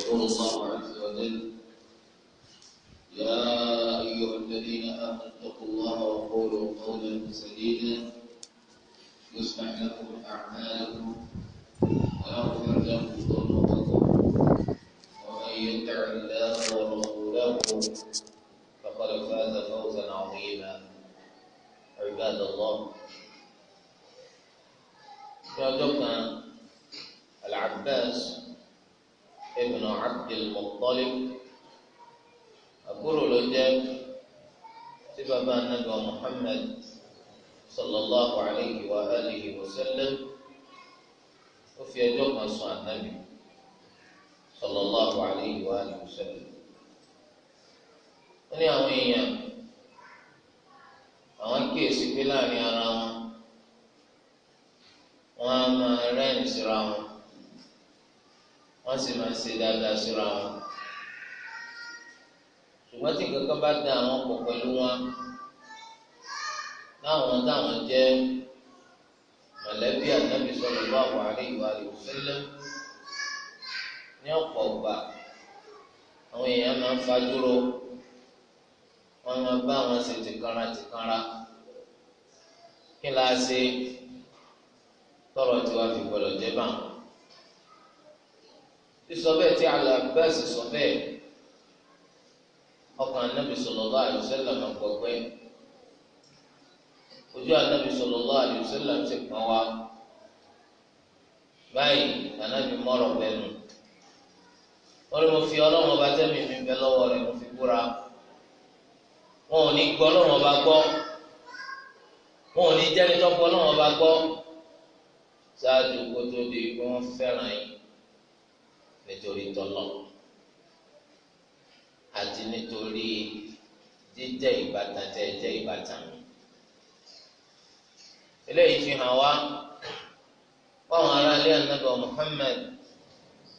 يقول الله عز وجل يا أيها الذين آمنوا اتقوا الله وقولوا قولا سديدا يصلح لكم أعمالكم ويغفر لكم ذنوبكم ومن يطع الله ورسوله فقد فاز فوزا عظيما عباد الله صادقنا العباس ibn Abdul Muttalib àbúrò ló jẹ́ tí bàbá anábọ̀ Muhammad sallallahu alayhi wa alihi wa sallam ó fi ẹjọ́ kan sùn ànábì sallallahu alayhi wa alihi wa sallam ó ní àwọn èèyàn àwọn kíyèsí pé láàrin ara wọn wọn á máa rẹ́rìn síra wọn wọ́n sì máa ń ṣe dáadáa síra wọn ṣùgbọ́n tí nǹkan kan bá da àwọn pọ̀ pẹ̀lú wọn láwọn táwọn jẹ́ mọ̀lẹ́bí ànábì sallallahu alaihi wa sallam ní ọ̀pọ̀ ọ̀gbà àwọn èèyàn máa ń fajúro wọ́n máa bá wọn ṣe tìkanra tìkanra kí la tọrọ tiwa fi gbọ́dọ̀ jẹ báwọn sísọ bẹ́ẹ̀ tí Al-Abbas sọ bẹ́ẹ̀ ọkàn anábì sallallahu alaihi wasallam gbọgbẹ́ ojú anábì sallallahu alaihi wasallam ti pọ́n wa báyìí anábì mọ́rọ̀ bẹ́nu wọ́n lè mo fi ọlọ́run ọba tẹ́mi mi bẹ lọ́wọ́ rẹ̀ mo fi búra wọn ò ní gbọ́ ọlọ́run ọba gbọ́ wọn ò ní jẹ́ni tó gbọ́ ọlọ́run ọba gbọ́ ṣáájú kó di pé wọ́n fẹ́ràn yín nítorí tọ́lọ̀ àti nítorí jíjẹ́ ìbátan tẹ́ jẹ́ ìbátan mi. eléyìí fi hàn wá fáwọn aráalé anábọ̀ Muhammad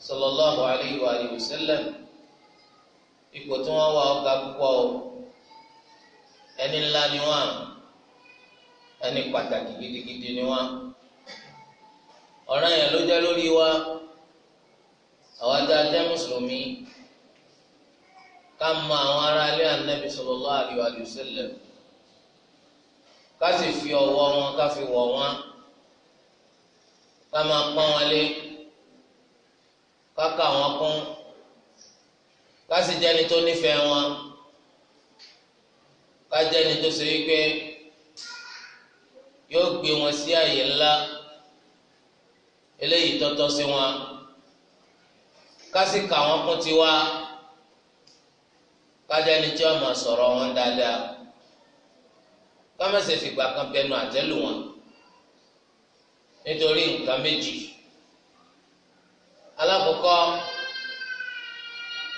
sallallahu alayhi wa alihi wa sallam ipò tí wọ́n wà ọ̀gá púpọ̀ o ẹni ńlá ni wọ́n ẹni pàtàkì gidigidi ni wọ́n ọ̀ràn yẹn ló jẹ́ lórí wa àwọn ajá jẹ́ mùsùlùmí ká mọ àwọn ará ilé ànábì sallallahu alaihi wa sallam ká sì fi ọwọ́ wọn ká fi wọ̀ wọn ká máa pọ́n wọn lé ká kà wọn kún ká sì jẹ́ni tó nífẹ̀ẹ́ wọn ká jẹ́ni tó ṣe wípé yóò gbé wọn sí àyè ńlá eléyìí tọ́tọ́ sí wọn kásìkà wọn kún ti wá kájà ni tí wọn máa sọ̀rọ̀ wọn dáadáa kámẹsẹ fìgbà kan bẹnu àtẹ́lù wọn nítorí nǹkan méjì alákọ̀ọ́kọ́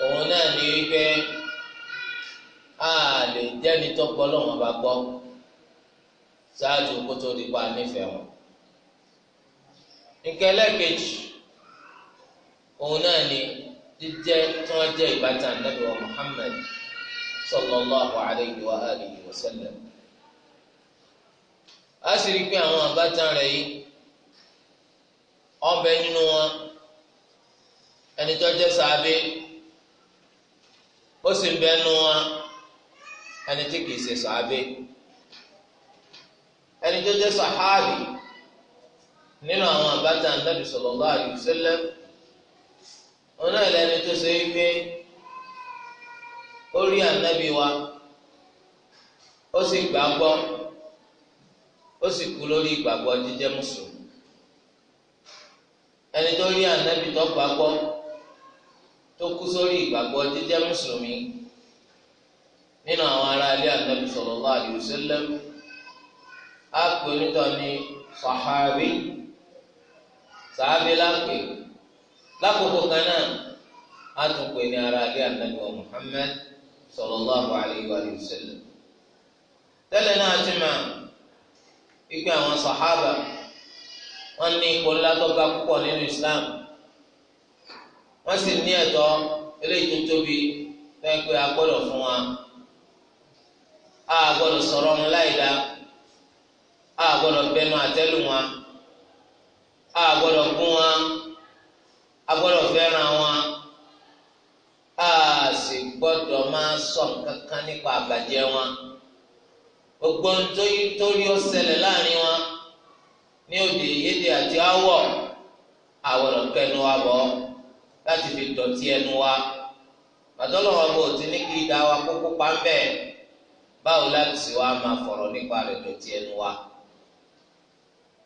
òun náà ní wípé a lè jẹ́ni tó gbọ́ lọ́wọ́n bá gbọ́ ṣáájú kótó dípa nífẹ̀ẹ́ wọn. nkẹlẹ́ kejì òun náà ni jíjẹ́ tí wọ́n jẹ́ ìbátan Ànábì wa Muhammad sallallahu alayhi wa alihi wa sallam. a sì rí i pé àwọn àbátan rẹ̀ yìí ọbẹ̀ nínú wọn ẹni tó jẹ́ sàábé ó sì ń bẹ nínú wọn ẹni tí kìí ṣe sàábé ẹni tó jẹ́ sàhábì nínú àwọn àbátan Ànábì sallallahu alayhi wa sallam ọ̀nà ìlẹ́ni tó ṣe é gbé ó rí ànábì wa ó sì gbàgbọ́ ó sì kú lórí ìgbàgbọ́ jíjẹ́ mùsùlùmí ẹni tó rí ànábì tó gbàgbọ́ tó kú sórí ìgbàgbọ́ jíjẹ́ mùsùlùmí nínú àwọn ará ilé ànábì sallallahu alaihi wasallam á pè onítọ̀ ní sàhábì sàhábì lápè. lákòókò kan náà a tún pè ní ara ilé ànábì wa Muhammad sallallahu alayhi wa sallam tẹ́lẹ̀ náà ti mà ìgbé àwọn sàhábà Islam wọ́n sì ní ẹ̀tọ́ eléyìí tó tóbi fẹ́ẹ́ pé a gbọ́dọ̀ fún wa a gbọ́dọ̀ sọ̀rọ̀ ọ̀run láìda a agbọ́dọ̀ fẹ́ràn wọn a sì gbọ́dọ̀ máa sọ kankan nípa àbàjẹ́ wọn gbogbo nítorí ó ṣẹlẹ̀ láàrin wọn ní òde ìyédè àti áwọ̀ àwọ̀rọ̀ kẹnu wa bọ̀ láti fi dọ̀tí ẹnu wa bàtọ́lọ́wọ́ bò tí ní kí ìdá wa kókó pa báwo láti sì wá máa fọ̀rọ̀ nípa rẹ̀ dọ̀tí ẹnu wa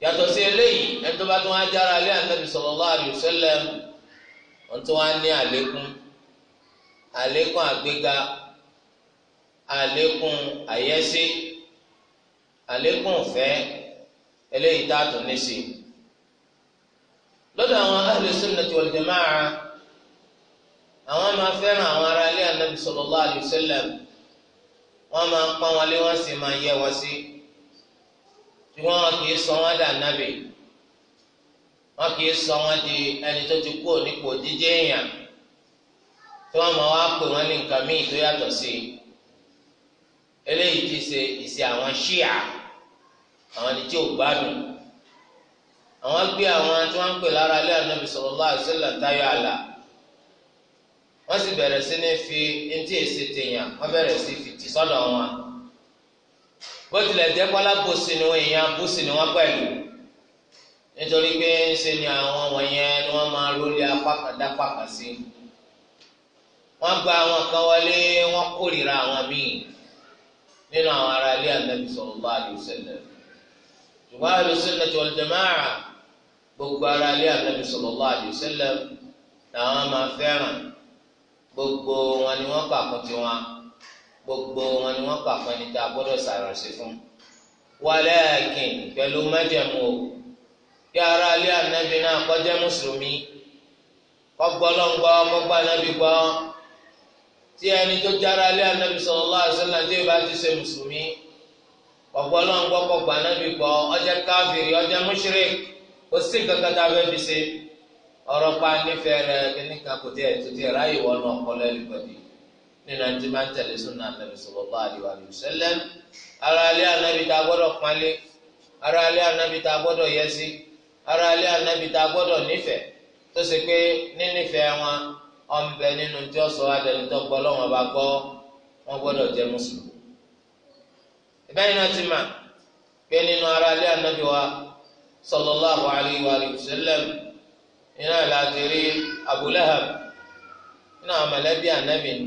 yàtọ̀ sí eléyìí ẹni tó bá tún wá jára ilé Ànábì sallallahu alaihi wasallam wọn tún wá ní àlékún àlékún àgbéga àlékún àyẹ́sí àlékún ìfẹ́ eléyìí tá a tún ní sí i lọ́dọ̀ àwọn ahlu sunnati wal jama'a àwọn máa fẹ́ràn àwọn ará ilé anabi sallallahu alayhi wa wọ́n máa pọ́n wọn lé wọ́n sì máa yẹ wọ́n sí ṣùgbọ́n wọn kì í sọ wọ́n dà nábì wọn kì í sọ wọn di ẹni tó ti kú nípò jíjẹ èèyàn tí wọn máa wá pè wọn ní nǹkan míì tó yàtọ̀ sí i eléyìí ti ṣe ìṣe àwọn ṣíà àwọn ẹni tí ò gbádùn àwọn gbé àwọn tí wọn ń pè lára ilé ànábì sallallahu alaihi wasallam táyọ àlà wọn sì bẹ̀rẹ̀ sí ní fi etí èsì tèèyàn wọn bẹ̀rẹ̀ sí fìtì sọ́dọ̀ wọn bó tilẹ̀ jẹ́ kọ́lá bó èèyàn bó sinú wọn pẹ̀lú nítorí pé ṣe ni àwọn wọ̀nyẹn ni wọ́n máa lólé apákàdápàkà sí wọ́n gba àwọn kan wọlé wọ́n kórìíra àwọn míì nínú àwọn ará ilé ànábì sallallahu alaihi wasallam ṣùgbọ́n ahlus sunnah wal jamaa'ah gbogbo ará ilé ànábì sallallahu alaihi wasallam làwọn máa fẹ́ràn gbogbo wọn ni wọ́n pàkọ́ tiwọn gbogbo wọn ni wọ́n pàkọ́ níta gbọ́dọ̀ sàrànṣe fún walakin pẹ̀lú mẹ́jẹ̀mú kí ara ilé ànábì náà kó jẹ́ mùsùlùmí kó gbọ́ lọ́ngbọ́ kó gbọ́ ànábì gbọ́ tí ẹni tó jára ilé ànábì sallallahu alaihi wasallam tí ìbá ti ṣe mùsùlùmí kó gbọ́ lọ́ngbọ́ kó gbọ́ ànábì gbọ́ ó jẹ́ káfìrí ó jẹ́ mushrik kò sí kankan tá a fẹ́ fi ṣe ọ̀rọ̀ pa nífẹ̀ẹ́ rẹ̀ kíníkan kò tiẹ̀ tó tiẹ̀ ráyè wọnú ọpọlọ ẹlẹ́gbẹ̀dì nínú ẹni tí máa ń tẹ̀lé súnà ànábì sallallahu alaihi wasallam ara ara ilé ànábì tá a gbọ́dọ̀ Ara ilé anabi ta a gbọ́dọ̀ nífẹ̀ẹ́ tó ṣe pé nínífẹ̀ẹ́ wọn ọ̀nbẹ nínú tí ọ̀sọ̀ adẹnudọ́gbọ́ lọ́wọ́n bá gbọ́ wọn gbọ́dọ̀ jẹ́ mùsùlùmí. ìbẹ́yìn náà ti mà pé nínú ará ilé anabi wa sallallahu alayhi wa sallam iná láti rí Abu iná mọ̀lẹ́bí anabi ni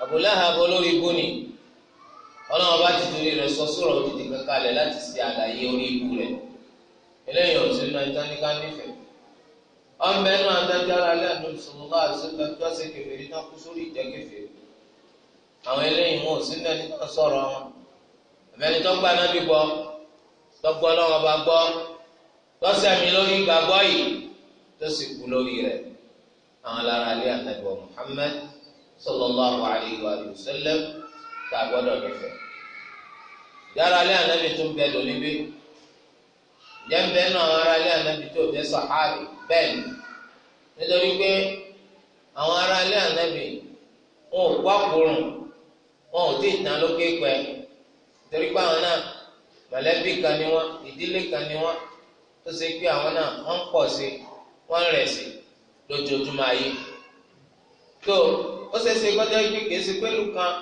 Abu olórí ibú ni ọlọ́wọ́n bá ti torí rẹ̀ sọ sọ̀rọ̀ òdìdí kankan lẹ̀ láti ṣe àlàyé orí ibú rẹ̀. eléyìí ò sínú ẹjọ́ ní ká nífẹ̀ẹ́ ọmọ ẹnu adájára lẹ́nu sọlọ́lá àṣìlẹ̀ tó ṣe kẹfẹ́rí náà kú sórí ìjẹ́ kẹfẹ́rí àwọn eléyìí wọn ò sínú ẹni náà sọ̀rọ̀ wọn ẹ̀mẹ́ni tó gba náà bí gbọ́ tọ́gbọ́ lọ́wọ́ bá gbọ́ lọ́sẹ̀mí lórí gbàgbọ́ yìí tó sì kú lórí rẹ̀ àwọn lára alẹ́ àtàgbọ̀ Muhammad sọlọ́lá àwàlẹ́ ìwà àlùsẹ́lẹ̀ tá a gbọ́dọ̀ nífẹ̀ẹ́ yàrá alẹ́ ànábì tó ń jẹ́nbẹ́ náà ará ilé ànábì tó jẹ́ sàhábì bẹ́ẹ̀ ni nítorí pé àwọn ará ilé ànábì wọn ò gbàkúrùn wọn ò tí tán lókè pẹ́ nítorí pé àwọn náà mọ̀lẹ́bí kan ni wọ́n ìdílé kan ni wọ́n tó ṣe pé àwọn náà wọ́n ń pọ̀ sí wọ́n ń rẹ̀ sí lójoojúmọ́ ayé tó ó ṣe ṣe ibi pẹ́lú kan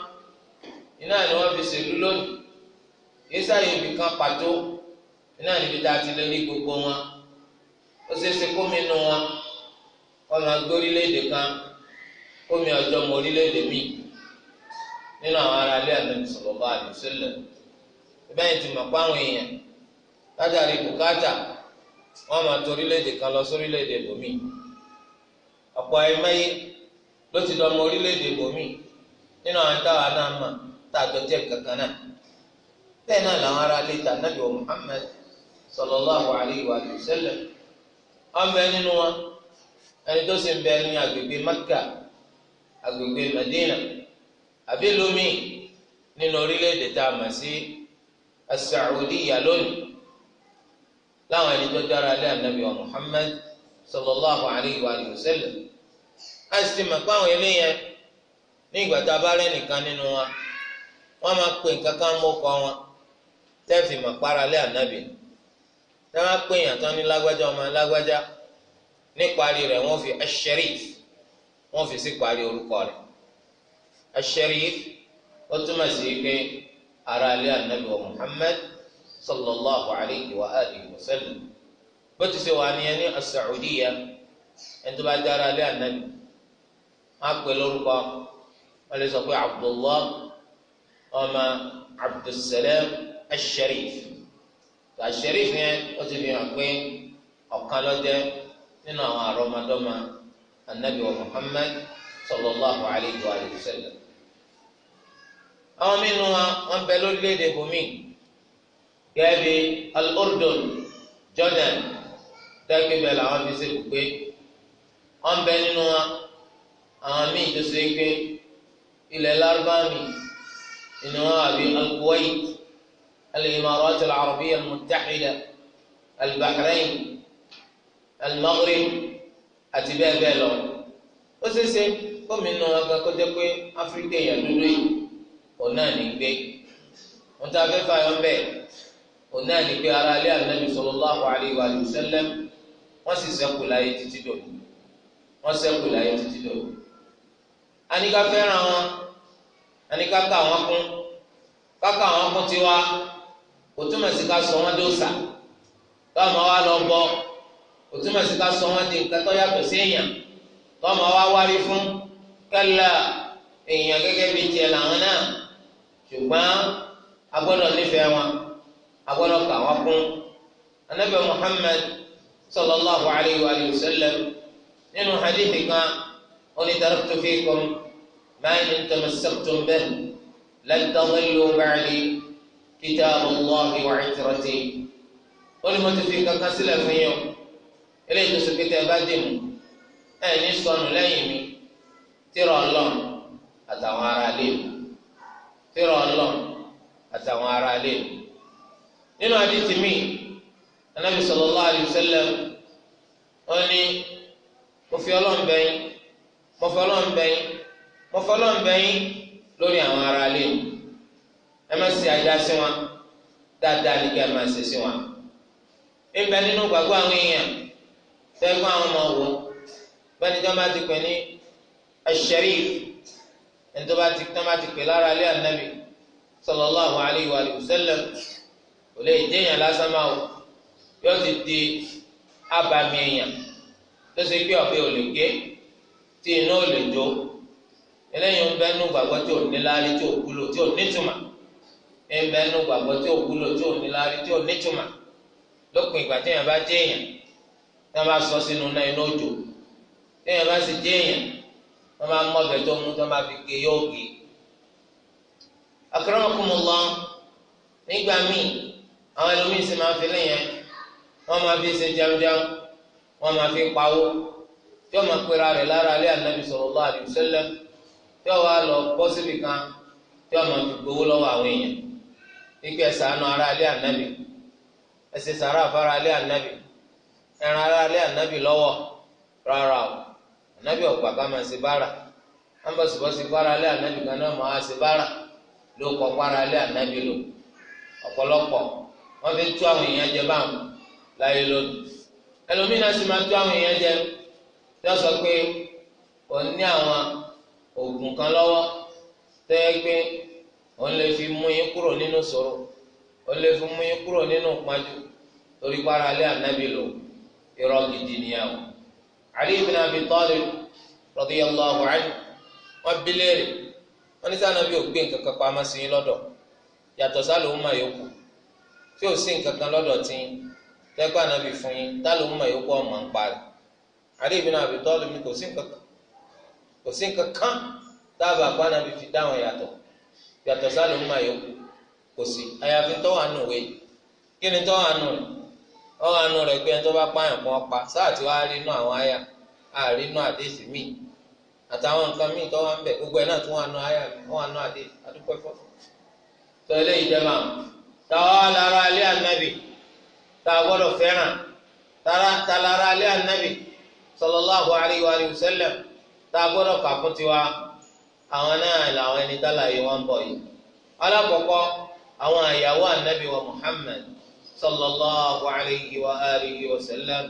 iná ni wọ́n iná níbi tá a ti lè rí gbogbo wọn ó ṣeé ṣe kó mi nu wọn ọmọ gbé orílẹ̀-èdè kan kó mi ọjọ́ mọ orílẹ̀-èdè míì nínú àwọn ará ilé Ànábì sallallahu alaihi wasallam bẹ́ẹ̀ ti mọ̀ páwọn èèyàn látàrí bùkátà wọ́n máa tọ orílẹ̀-èdè kan lọ sí orílẹ̀-èdè bòmíì ọ̀pọ̀ ẹ̀mẹ́yẹ ló ti lọ orílẹ̀-èdè bòmíì nínú àwọn táwa náà mà tá a tọ́ jẹ́ kankan náà bẹ́ẹ̀ náà làwọn ará ilé ìta Ànábì Muhammad sallallahu alayhi wa sallam ọbẹ̀ nínú wọn ẹni tó sì ń bẹ ní agbègbè Mẹ́kà agbègbè Madina àbí lómi nínú orílẹ̀-èdè tá a mọ̀ sí As-Saudiya lónìí láwọn ẹni tó dára lé anabi wa Muhammad sallallahu alayhi wa sallam a sì mọ̀ pé àwọn eléyẹn ní ìgbà tá a bá rẹ́ nìkan nínú wa wọ́n máa pè nǹkan kan mọ́kọ wọn tẹ́ẹ̀fì mọ̀ para anabi ni táwọn apèèyàn tán ní lágbájá ọmọ lágbájá níparí rẹ̀ wọ́n fi asherif wọ́n fi sí parí orúkọ rẹ̀ asherif ó túmọ̀ sí pé ara alẹ́ anabi wa muhammad sallallahu alayhi wa alihi wa sallam bó ti ṣe wà nìyẹn ní asaudiya ẹni tó bá jẹ́ ara alẹ́ anabi wọ́n pè lórúkọ wọ́n lè sọ pé abdullah ọmọ abdulsalam asherif tàṣẹrí fi hàn ó ti fi hàn pé ọ̀kan lọ́jẹ́ nínú àwọn àrọ́mọdọ́mọ anabi wa muhammad sallallahu alayhi wa sallam. àwọn mínú wa wọn bẹ lórílẹ̀‐èdè bùnmí gẹ́gẹ́ al-urdun jordan tẹ́kí bẹ́ẹ̀ làwọn fi ṣe gbogbo wọn bẹ nínú wa àwọn míì tó ṣe é pé ilẹ̀ lárúbáàmì ni wọn al-kuwait. الإمارات العربية المتحدة البحرين المغرب àti bẹ́ẹ̀ bẹ́ẹ̀ lọ ó ṣeéṣe gómìnà akẹ́kọ̀ọ́jẹ́ pé áfíríkà èèyàn dúró yìí òun náà ní gbé wọn tá a fẹ́ fààyàn bẹ́ẹ̀ òun náà ní pé ara ilé ànábì sallallahu alaihi wa sallam wọ́n sì ṣẹ́kù láyé títí dòní wọ́n ṣẹ́kù láyé títí dòní. aníkà fẹ́ràn wọn aníkà kà wọ́n kún kà kà wọ́n kún tiwa kò túmọ̀ sí ká sọ wọ́n dé òòsà tọ́mọ wa lọ bọ kò túmọ̀ sí ká sọ wọ́n di nǹkan tó yàtọ̀ sí èèyàn tọ́mọ wa wárí fún kálá èèyàn gẹ́gẹ́ bíi tiẹ̀ làwọn náà ṣùgbọ́n a gbọ́dọ̀ nífẹ̀ẹ́ wọn a gbọ́dọ̀ kà wọ́n kún anabi muhammed sallallahu alayhi wa sallam nínú hadith kan ó ní taraktu fikum ma in tamassaktum bihi lan tadillu ba'di. كتاب الله وعترته ولم تفيك كسل في يوم إليه سكت أبادم أن يصن ليمي ترى الله أتوارى ليم ترى الله أتوارى ليم nínú àdìsí mi anabi sallallahu alayhi wa sallam ó ní mo fi ọlọ́run bẹ̀yìn mo fọlọ́run bẹ̀yìn mo lórí àwọn ará ilé mi ẹ má ṣe àìdá sí wọn dáadáa ní kí ẹ má ṣe sí wọn. níbẹ̀ nínú gbàgbọ́ àwọn èèyàn tẹ́gbọ́n àwọn ọmọ wò bẹ́ẹ̀ ni tí wọ́n bá ti pè ní Al-Sharif ẹni tó bá ti tán bá ti pè lára ilé ànábì sallallahu alayhi wa sallam kò lè jẹ́yàn lásán máa wò yóò ti di abàmì èèyàn tó ṣe pé ọ̀bẹ ò tí iná ò eléyìí ń bẹ́ẹ̀ nù gbàgbọ́ tí ò ní láárí tí ò kúlò tí ò nítumọ̀. ẹnbẹ nínú gbàgbọ́ tí ò wúlò tí ò níláárí tí ò nítumà lópin ìgbà téèyàn bá déèyàn tá a bá sọ sínú náà iná òjò téèyàn bá sì déèyàn wọn máa mú n'ịgba tó mú fi e, yóò gé e. nígbà míì àwọn sì máa fi wọn fi ṣe jẹunjẹun wọn máa fi pawó tí wọn máa pera lára alẹ anabi tí wọn wá lọ kan tí ikú ẹ ṣàánú ara ilé anabi ẹ ṣe sàrà fara ilé ẹran ara ilé ànábì lọwọ rárá o anabi ọ̀gbà ká máa ṣe bára wọn bọ̀ ṣùgbọ́n ṣe bára ilé ànábì kan náà máa ṣe bára lo ọpọlọpọ wọn fi tú àwọn èèyàn jẹ báwọn láyé lónìí ẹlòmínà sì máa tú àwọn èèyàn jẹ yọ sọ pé àwọn oògùn kan ó lè fi mú yín kúrò nínú sòrò ó lè fi mú yín kúrò nínú pàjù torí para alẹ́ ànábì lò irọ́ gidi nìyàwó. Ali ibn Abi bi léèrè wọ́n ní sáà nàbí ògbé nǹkan kan pamọ́ sí lọ́dọ̀ yàtọ̀ sá lòún mà yòókù tí ò sí nǹkan kan lọ́dọ̀ tí yín tẹ́kọ̀ fún yín tá lòún mà yòókù ọ̀mọ̀ ń parí. Ali fi dáhùn yàtọ̀ sálò ń máa kò sí àyàfi tọ́wọ́ àánú wẹ̀ kí ni tọ́wọ́ àánú rẹ̀ tọ́wọ́ rẹ̀ pé ẹni tó bá pa sáà tí wàá rí inú àwọn àyà àárí inú àdéhìí mí. àtàwọn nǹkan ń bẹ̀ gbogbo ẹ̀ náà tún wà nù àyà wà nù lára alẹ́ ànábì tá gbọ́dọ̀ fẹ́ràn tá lára alẹ́ ànábì àwọn náà làwọn ẹni tálàyé wọn ń bọ̀ yìí alákọ̀ọ́kọ́ àwọn àyàwó anabi wa muhammad sallallahu alayhi wa alihi wa sallam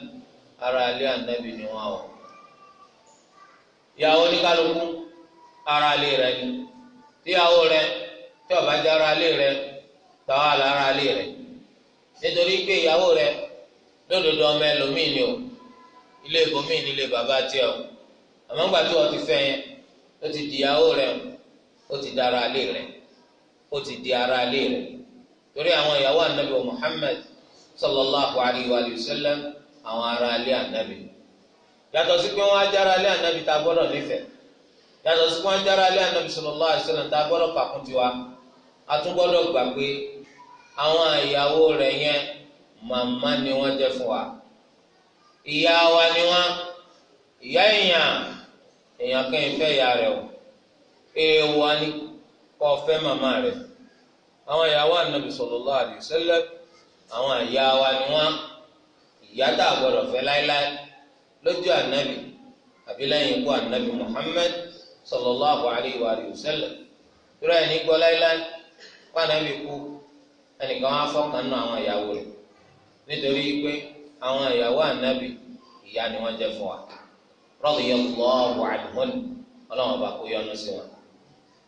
ara ilé anabi ni wọn wọ ìyàwó oníkálukú ara ilé rẹ ni tíyàwó rẹ tí ó bá jẹ́ ara ilé rẹ tàwa lára ilé rẹ nítorí pé ìyàwó rẹ lódodo ọmọ ẹlòmíì ni o ilé ibòmíì ni ilé bàbá tiẹ̀ o àmọ́ ńgbà tí wọ́n ti fẹ́ yẹn ó ti di ìyàwó rẹ ó ti di ara ilé rẹ ó ti di ara ilé rẹ torí àwọn ìyàwó anabi wa Muhammad sallallahu alayhi wa sallam àwọn ara ilé anabi yàtọ̀ sí pé wọ́n á jára ilé anabi tá a gbọ́dọ̀ nífẹ̀ẹ́ yàtọ̀ sí pé wọ́n á jára ilé anabi sallallahu alayhi wa sallam tá a gbọ́dọ̀ kàkún tiwa a tún gbọ́dọ̀ gbà àwọn ìyàwó rẹ yẹn màmá ni wọ́n jẹ́ fún wa ìyá wa ni wọ́n ìyá èèyàn èèyàn kẹ́yìn fẹ́ ìyá rẹ̀ o èèwọ̀ ni kọ́ fẹ́ màmá rẹ̀ àwọn ìyàwó ànábì sallallahu alaihi wasallam àwọn ìyá wa ni wọ́n ìyá tá a gbọ́dọ̀ fẹ́ láéláé lójú ànábì àbí lẹ́yìn ikú ànábì Muhammad sallallahu alaihi wa alihi wasallam ìrọ̀ ẹ̀ ní gbọ́ láéláé wọ́n ànábì kú ẹnìkan wá fọ́kàn nù àwọn ìyàwó rẹ̀ nítorí pé àwọn ìyàwó ànábì ìyá ni wọ́n jẹ́ fún wa radiyallahu anhun ọlọ́run ọba kó yọ́nú sí wọn.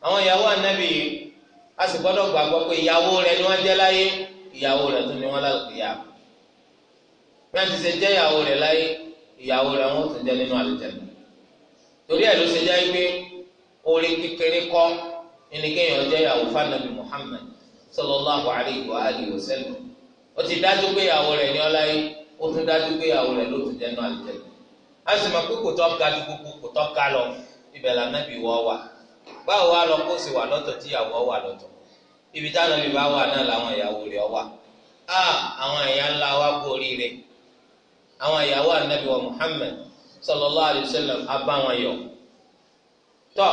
àwọn ìyàwó ànábì a sì gbọ́dọ̀ gbàgbọ́ pé ìyàwó rẹ̀ ni wọ́n jẹ́ láyé ìyàwó rẹ̀ tún ni wọ́n láti yà. bí wọ́n ti ṣe jẹ́ ìyàwó rẹ̀ láyé ìyàwó rẹ̀ wọ́n tún jẹ́ nínú àlùjànnà. torí ẹ̀ ló ṣe jẹ́ pé orí kékeré kọ́ ẹni kéèyàn jẹ́ ìyàwó fanabi Muhammad sallallahu alayhi wa sallam ó ti dájú pé ìyàwó rẹ̀ ni ọláyé ó tún dájú pé ìyàwó rẹ̀ ló tún jẹ́ nínú àlùjànnà a sì máa pé kò tọ́ ga ju gbogbo kò tọ́ ga lọ ibẹ̀ lànà bí wọ́ wà báwo wá lọ kó sì wà lọ́tọ̀ tí ìyàwó wà lọ́tọ̀ ibi táwọn ibi bá wà náà làwọn ìyàwó rẹ̀ wà á àwọn ìyá ńlá wa kú oríire àwọn ìyàwó ànábì wa Muhammad sallallahu alayhi wa sallam abá wọn yọ tọ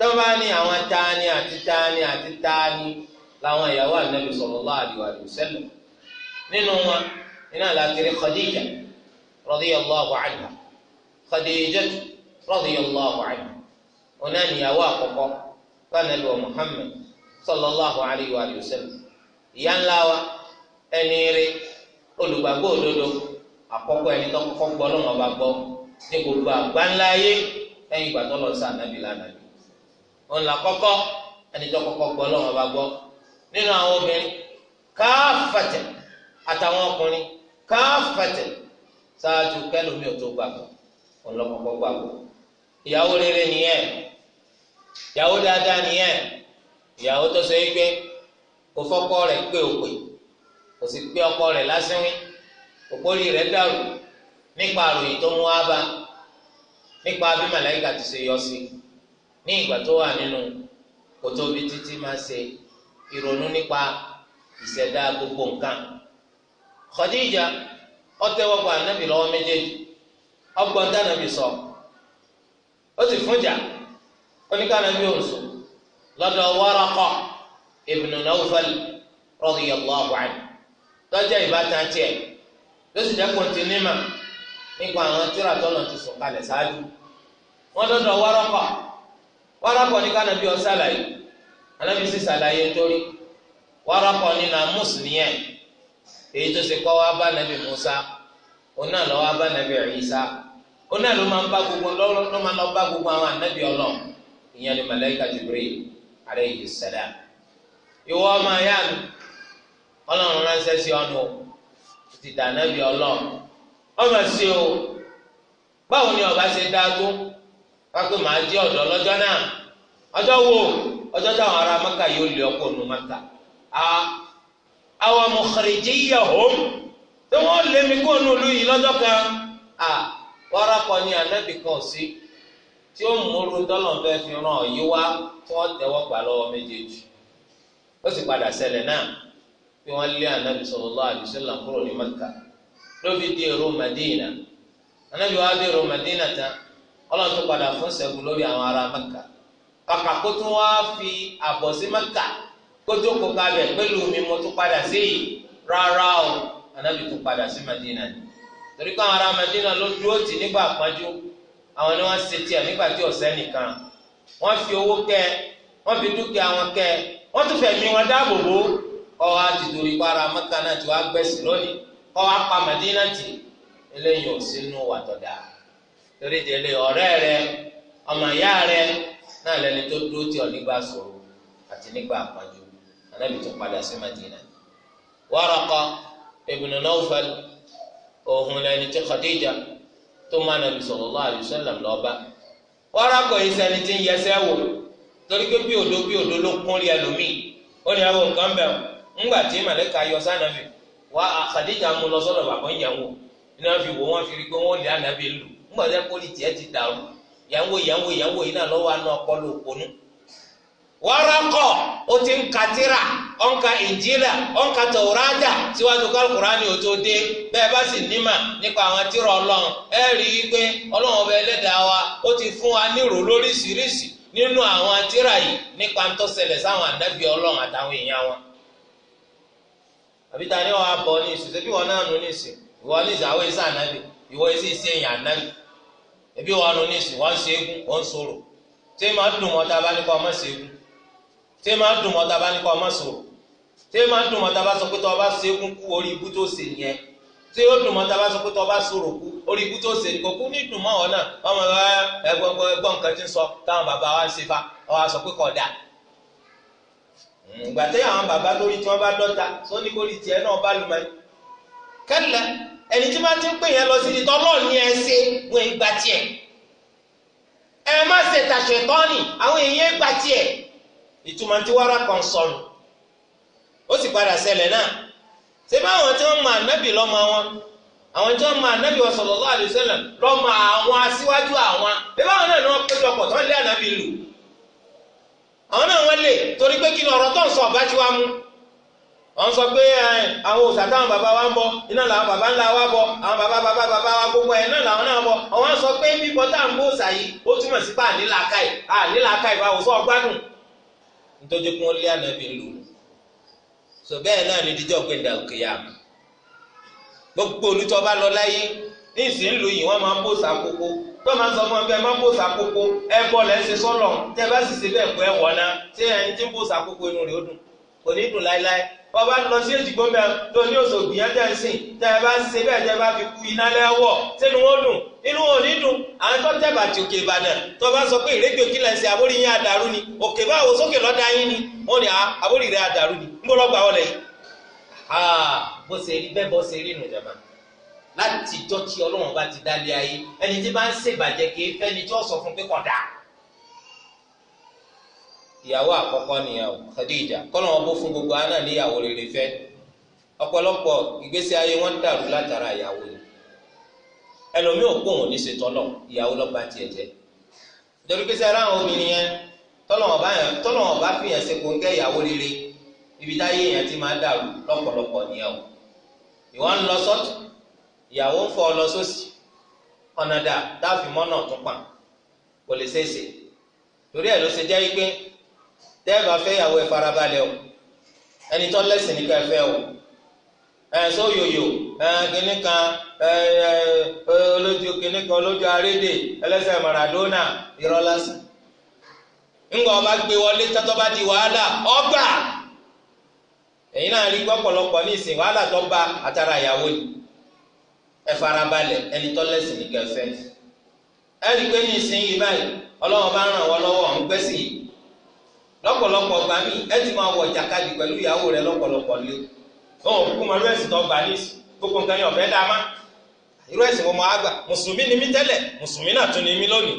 tọ́ba ni àwọn tani àti tani àti tani làwọn ìyàwó ànábì sallallahu alayhi wa sallam nínú wọn iná làkiri Khadija radiyallahu anha khadijatu radiyallahu anha ọ̀nà níyàwó àkọ́kọ́ kánàlú muhammed sallallahu alayhi wa sallam ìyá ńlá wa ẹni rí olùgbàgbọ́ òdodo àkọ́kọ́ ẹni tó kọ́kọ́ gbọ́ lọ́wọ́ bá gbọ́ ní gbogbo àgbá ńlá yé ẹ̀yìn ìgbà tó lọ sí ànábì lánàá òun là kọ́kọ́ ẹni tó kọ́kọ́ gbọ́ lọ́wọ́ bá gbọ́ nínú àwọn obìnrin káfàtẹ̀ àtàwọn ọkùnrin káfàtẹ̀ ṣáájú kẹlòmí ò tó gbàgbọ́ ọlọ́kọ̀ọ́kọ́ gbàgbọ́ ìyàwó rere nìyẹn ìyàwó dáadáa nìyẹn ìyàwó tó ṣe é gbé kò fọ́kọ rẹ̀ pé òpè kò sì pé ọkọ rẹ̀ lásìwín òpórí rẹ̀ dàrú nípa àròyìn tó mú wá nípa bí màláìka ti ṣe yọ sí ní ìgbà tó wà nínú kòtò bí títí máa ṣe ìrònú nípa ìṣẹ̀dá gbogbo nǹkan Khadija. ọtẹwọgbọ anabi lọ́wọ́ méjèèjì ọgbọ́n tànàbì sọ ó sì fúnjà oníkànnàbì òǹsù lọ́dọ̀ Waraqa ibn Nawfal radiyallahu anhu tọjá ìbátan tiẹ̀ ló sì dẹkùn ti nímà nípa àwọn tíra tọlọ ti sọ kalẹ̀ ṣáájú wọn lọ́dọ̀ Waraqa ọsàlàyé anabi sì sàlàyé nínú amúsùn èyí tó ṣe kọ́ wá bá nàbì Musa òun náà lọ́ wá bá nàbì ló máa ń gbogbo lọ́rọ́ ló máa ń lọ bá gbogbo àwọn ànábì Ọlọ́run ìyẹn ni malaika Jibril alayhi salam ìwọ ọmọ ayá mi Ọlọ́run ránṣẹ́ sí ọnu ti dà nàbì ọmọ sí o báwo ni ọba ṣe dá tó kápẹ́ màá jẹ́ ọ̀dọ́ lọ́jọ́ náà ọjọ́ wo ọjọ́ táwọn ará yóò lé ọkọ̀ àwọn mọ̀kàrẹ̀jẹ̀ yíyà hóm tí wọ́n lé mi kó nínú ìlú yìí lọ́jọ́ kan à wàrà kọ ní anábì kan sí tí ó múru dọ́là fẹ́ fi ràn yí wá tí wọ́n tẹ́wọ́ gbà lọ́wọ́ méjèèjì ó sì padà ṣẹlẹ̀ náà bí wọ́n lé anábì sallallahu alaihi wasallam kúrò ní Mẹ́kà ló fi di èrò Madina anábì wa di èrò Madina tán ọlọ́run tó padà fún ṣẹ́gun lórí àwọn ará Mẹ́kà kàkà kó tún wá fi àbọ̀ sí Mẹ́kà. kótó kó kabẹ pẹ̀lú mi mo tún padà sí rárá o anabi tún padà sí madina ni torí ará madina ló dúró tì nígbà pọ́njú àwọn ni wọ́n ṣe nígbà tí ọ̀sẹ̀ nìkan wọn fi owó kẹ wọ́n fi dúkìá wọn kẹ tún wọn dáàbò bò ti torí lónìí pa madina tì eléyìí ò sínú torí délé rẹ ọmọ ìyá rẹ náà lẹni tó dúró tì ọ anabi tún padà sí madina Waraqa ibn Nawfal òhun lẹni tí Khadija tó máa nàbì sallallahu alaihi wasallam lọ́ba Waraqa yìí sẹni tí ń yẹsẹ́ wò torí pé bí òdo bí òdo ló kún rí ẹlòmíì ó ní àwọn nǹkan bẹ̀rù ńgbà tí màlẹ́ka yọ sànàbì wá Khadija mú lọ sọ́dọ̀ bàbá ìyẹn wò ní wọ́n fi wò wọ́n fi rí pé wọ́n lé ànàbì lù ńgbà tí wọ́n kó lè tiẹ̀ ti dàrú yẹn wò yẹn wò yẹn wò yìí náà lọ́wọ́ àná ọpọlọ òpònú wárakọ̀ ó ti ń ka tírà ó ń ka ìnjílà ó ń bá sì nípa àwọn tírà ọlọ́run ẹ rí ọlọrun ọba ẹlẹ́dàá wa ó ti fún wa nírò lóríṣiríṣi nínú àwọn tírà yìí nípa tó sáwọn ọlọrun àtàwọn èèyàn wọn. ni ní ìsìn wọn náà nù ní ìsìn ìwọ ní ìsìn àwọn ìsìn ànábì ìwọ ìsìn ìsìn èèyàn tí máa dùn mọ́ taba ní kọ́ ọmọ sọ̀rọ̀ tí máa dùn mọ́ taba sọ pé tọ́ ọba ṣẹ́gun kú orí ibú tó ṣe nìyẹn tí ó dùn mọ́ taba sọ pé tọ́ ọba sọ̀rọ̀ kú orí ibú tó ṣe nìkan kú ní dùn mọ́ ọ náà ọmọ ẹgbọ́n kan ti ń sọ táwọn bàbá wa ṣe fa ọba sọ pé kọ́ da hmm, ìgbà tí àwọn bàbá lórí tí wọ́n bá dọ́ta sóní kórì tiẹ̀ náà bá lùmọ́ kẹ́lẹ́ ẹni tí wọ́n ti ń pè yẹn lọ sí ìtọ́ náà ní ẹ ṣe wọ́n ń gbà ẹ má ṣe tàṣetọ́ni àwọn èèyàn ń gbà ìtumọ̀ tí wàrà kan sọnù ó sì padà sẹlẹ̀ náà ṣé báwọn tí wọ́n mọ lọ́mọ wọn àwọn tí wọ́n mọ ànábì wọn lọ́mọ àwọn aṣíwájú àwọn ṣé báwọn náà ni wọ́n péjọ pọ̀ àwọn náà wọ́n lè torí pé kí ni ọ̀rọ̀ tó ń sọ ọ̀bá tí wàá bàbá wa ń bọ iná làwọn bàbá ńlá wa bọ àwọn bàbá bàbá bàbá wa gbogbo ẹ̀ náà làwọn náà bọ sọ pé bíbọ táwọn yìí ó túmọ̀ nítorí kí wọ́n lé ànábì lò sọ bẹ́ẹ̀ náà ní díjọ́ pé dàkìyà gbogbo olùtọ́ bá lọ láyé ní ìsìnlù yìí wọ́n máa ń bò sàkókò wọ́n máa ń sọ fún ẹ máa ń bò sàkókò ẹ bọ́ lẹ́sìn sọ́lọ̀ tẹ́ bá sì ṣe bẹ́ẹ̀ pẹ́ wọ̀ náà ṣé ẹni tí ń bò sàkókò inú rẹ̀ ó dùn kò ní dùn láéláé ọba ń lọ sí èjìgbó mẹ tó ní òṣògbì yẹn tẹ ń sìn tẹ ẹ bá ń ṣe bẹ́ẹ̀ tẹ ẹ bá fi ku iná lẹwọ sínú wọn dùn inú ò ní dùn àwọn tó tẹ̀bà tí òkè ìbàdàn tó bá sọ pé ìrégbè òkè lẹ́sẹ̀ àbórí yín àdàrú ni òkè báwo sókè lọ́dà yín ni wọn ni àbórí rẹ̀ àdàrú ni ń bọ́ lọ́gbà wọlé yìí. bó ṣe rí bẹ́ẹ̀ bó ṣe rí nù jàmbá láti ìjọ tí ọlọ́run bá ti dálé ayé ẹni tí bá ń ṣèbàjẹ́ kéé fẹ́ni tí ó sọ fún pé kọ̀ dáa ìyàwó àkọ́kọ́ nìyàwó Khadija kọ́nà wọn bó fún gbogbo aná níyàwó rere fẹ́ ọ̀pọ̀lọpọ̀ ìgbésí ayé wọn dàrú látara ìyàwó ni ẹlòmíì ò pòun ní ṣe tọ́lọ̀ ìyàwó lọ́ba tiẹ̀ jẹ́ nítorí pé sẹ́ra àwọn obìnrin yẹn tọ́lọ̀ wọn bá fìyàn ṣe kóńgẹ́ ìyàwó rere ibi táyé yẹn ti máa dàrú lọ́pọ̀lọpọ̀ níyàwó ìwọ ń lọ sọ́tù ìyàwó ń fọ ọ lọ sósì ọ̀nàdà dáàfin mọ́nà tún pà kò tẹ́ẹ̀bà fẹ́yàwó ẹ farabalẹ̀ o ẹni tó lẹ́sìn ní ká ẹ fẹ́ o ẹ sóyòyò ẹ kìnnì kan ẹ ẹ olójú kan olójú arédè Maradona irọ́ lásán ńgbà ọba gbé wọlé tọ́tọ́ bá di wàhálà ọgbà èyí náà rí gbọ́pọ̀lọpọ̀ ní ìsìn wàhálà tó bá àtàrà ìyàwó ni ẹ farabalẹ̀ ẹni lẹ́sìn ní ká ẹ fẹ́ ẹ rí i pé ní lọ́pọ̀lọpọ̀ gbà mí ẹ ti máa wọ jàkadì pẹ̀lú ìyàwó rẹ lọ́pọ̀lọpọ̀ lé o òun kúkú mọ irú ẹ̀sìn tó gbà ní gbogbo nǹkan yẹn ọ̀fẹ́ dá má irú ẹ̀sìn gbà mùsùlùmí ni mí tẹ́lẹ̀ mùsùlùmí náà tún ni mí lónìí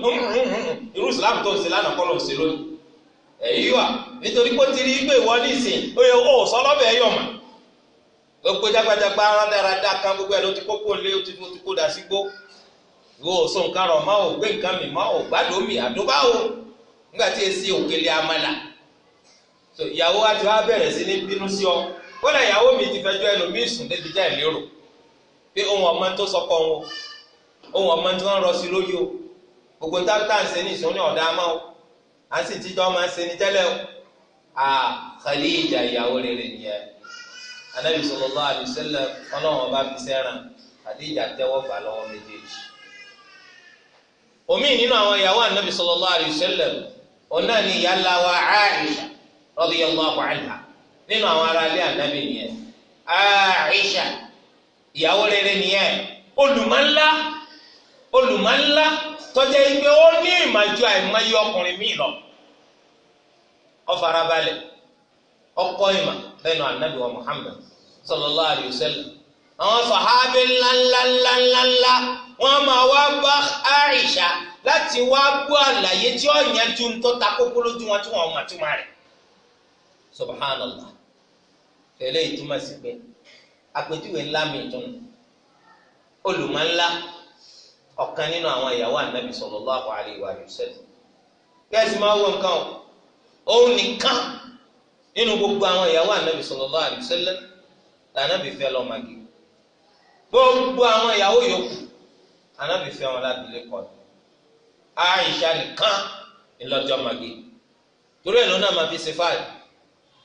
irú islam tó ń lánàá kọ́ ló ń lónìí nítorí pé ó ti rí ìwọ ní ìsìn ó yẹ ó sọlọ́bẹ̀ gbogbo amala so ìyàwó wa ti wá bẹ̀rẹ̀ sí ní bínú sí ọ kódà ìyàwó mi ti fẹjọ́ ẹnu mi sùn débi já ìlérò pé ohun ọmọ tó sọkọ wọn ohun ọmọ tí wọn rọ sí lóyè o gbogbo ń táwọn táwọn ń ṣe ní ìṣòwò ní ọ̀dà máa o à ń sì tíjọ́ máa ń ṣe ní tẹ́lẹ̀ o à kàlí ìjà ìyàwó rere nìyẹn anabi sallallahu alaihi wasallam Ọlọ́run ọba fi sẹran àti ìjà tẹ́wọ́ gbà lọ́wọ́ méjèèjì omi nínú àwọn ìyàwó anabi sallallahu alaihi wasallam òun náà ni ìyá ńlá Aisha radiyallahu anha nínú àwọn ará ilé ànábì nìyẹn Aisha ìyàwó rere nìyẹn olùmọ̀ńlá olùmọ̀ńlá tọ́jà ìgbé ó ní ìmàjọ àìmọye ọkùnrin míì lọ ó farabalẹ̀ ó kọ́ ìmọ̀ lẹ́nu ànábì wa Muhammad sallallahu alayhi wa sallam àwọn sàhábì ńláńláńláńláńlá wọn máa wá bá Aisha láti wá gbọ́ àlàyé tí ó yẹn tún ta kókó lójú wọn tí wọn ò mà túmọ̀ rẹ̀ subhanallah eléyìí túmọ̀ sí pé àpèjúwe ńlá mi tún olùmọ̀ ńlá ọ̀kan nínú àwọn ìyàwó ànábì sallallahu alaihi wa sallam kẹ́sì máa wọ nǹkan o òun nìkan nínú gbogbo àwọn ìyàwó ànábì sallallahu alaihi wa sallam lànàbì fẹ́ lọ́màgì gbogbo àwọn ìyàwó yòókù ànábì fẹ́ wọn láti lè kọ́ Àìṣà nìkan ńlọ́jọ́ màgì torí ẹ̀ ló máa fi ṣe fáàlì.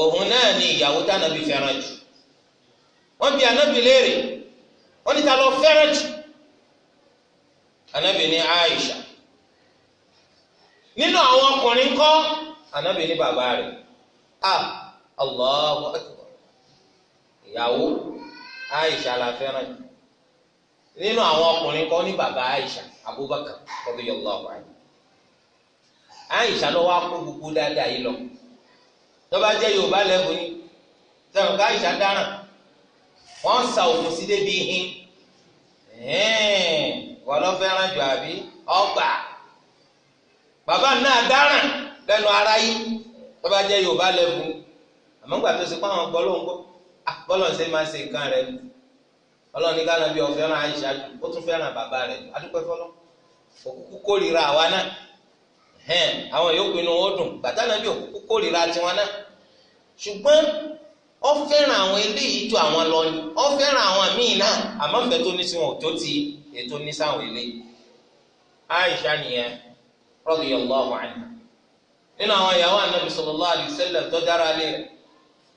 òun náà ni ìyàwó tánàbí fẹ́ràn jù wọ́n bi anabi léèrè wọ́n ní ta fẹ́ràn jù ní Aisha nínú àwọn ọkùnrin kọ́ ànábì ní bàbá rẹ̀ a ah, Allahu ìyàwó Aisha la fẹ́ràn jù nínú àwọn ọkùnrin kọ́ ní bàbá Aisha Abubakar radiyallahu anhu Aisha ló wá gbogbo dáadáa yìí lọ. tọ́ba jẹ́ yorùbá lẹ́bùn yín sẹ́wọ̀n ká dáràn sa sí débi hin lọ jù àbí ọgbà bàbá náà dáràn ara yìí yorùbá gbà tó ṣe pé àwọn ah, ṣe máa ṣe nǹkan ní kánà bí ọ̀fẹ́ràn àyíṣà ó tún bàbá kórìíra àwa náà wọn dùn bí ṣùgbọ́n ó fẹ́ràn àwọn eléyìí tó àwọn lọ ni ó fẹ́ràn àwọn míì náà àmọ́ ìfẹ́ tó ní sí wọn ò tó ti ètò ní sáwọn eléyìí. Aisha nìyẹn radiyallahu anha nínú àwọn ìyàwó anabi sallallahu alayhi wa sallam tó dára lé rẹ̀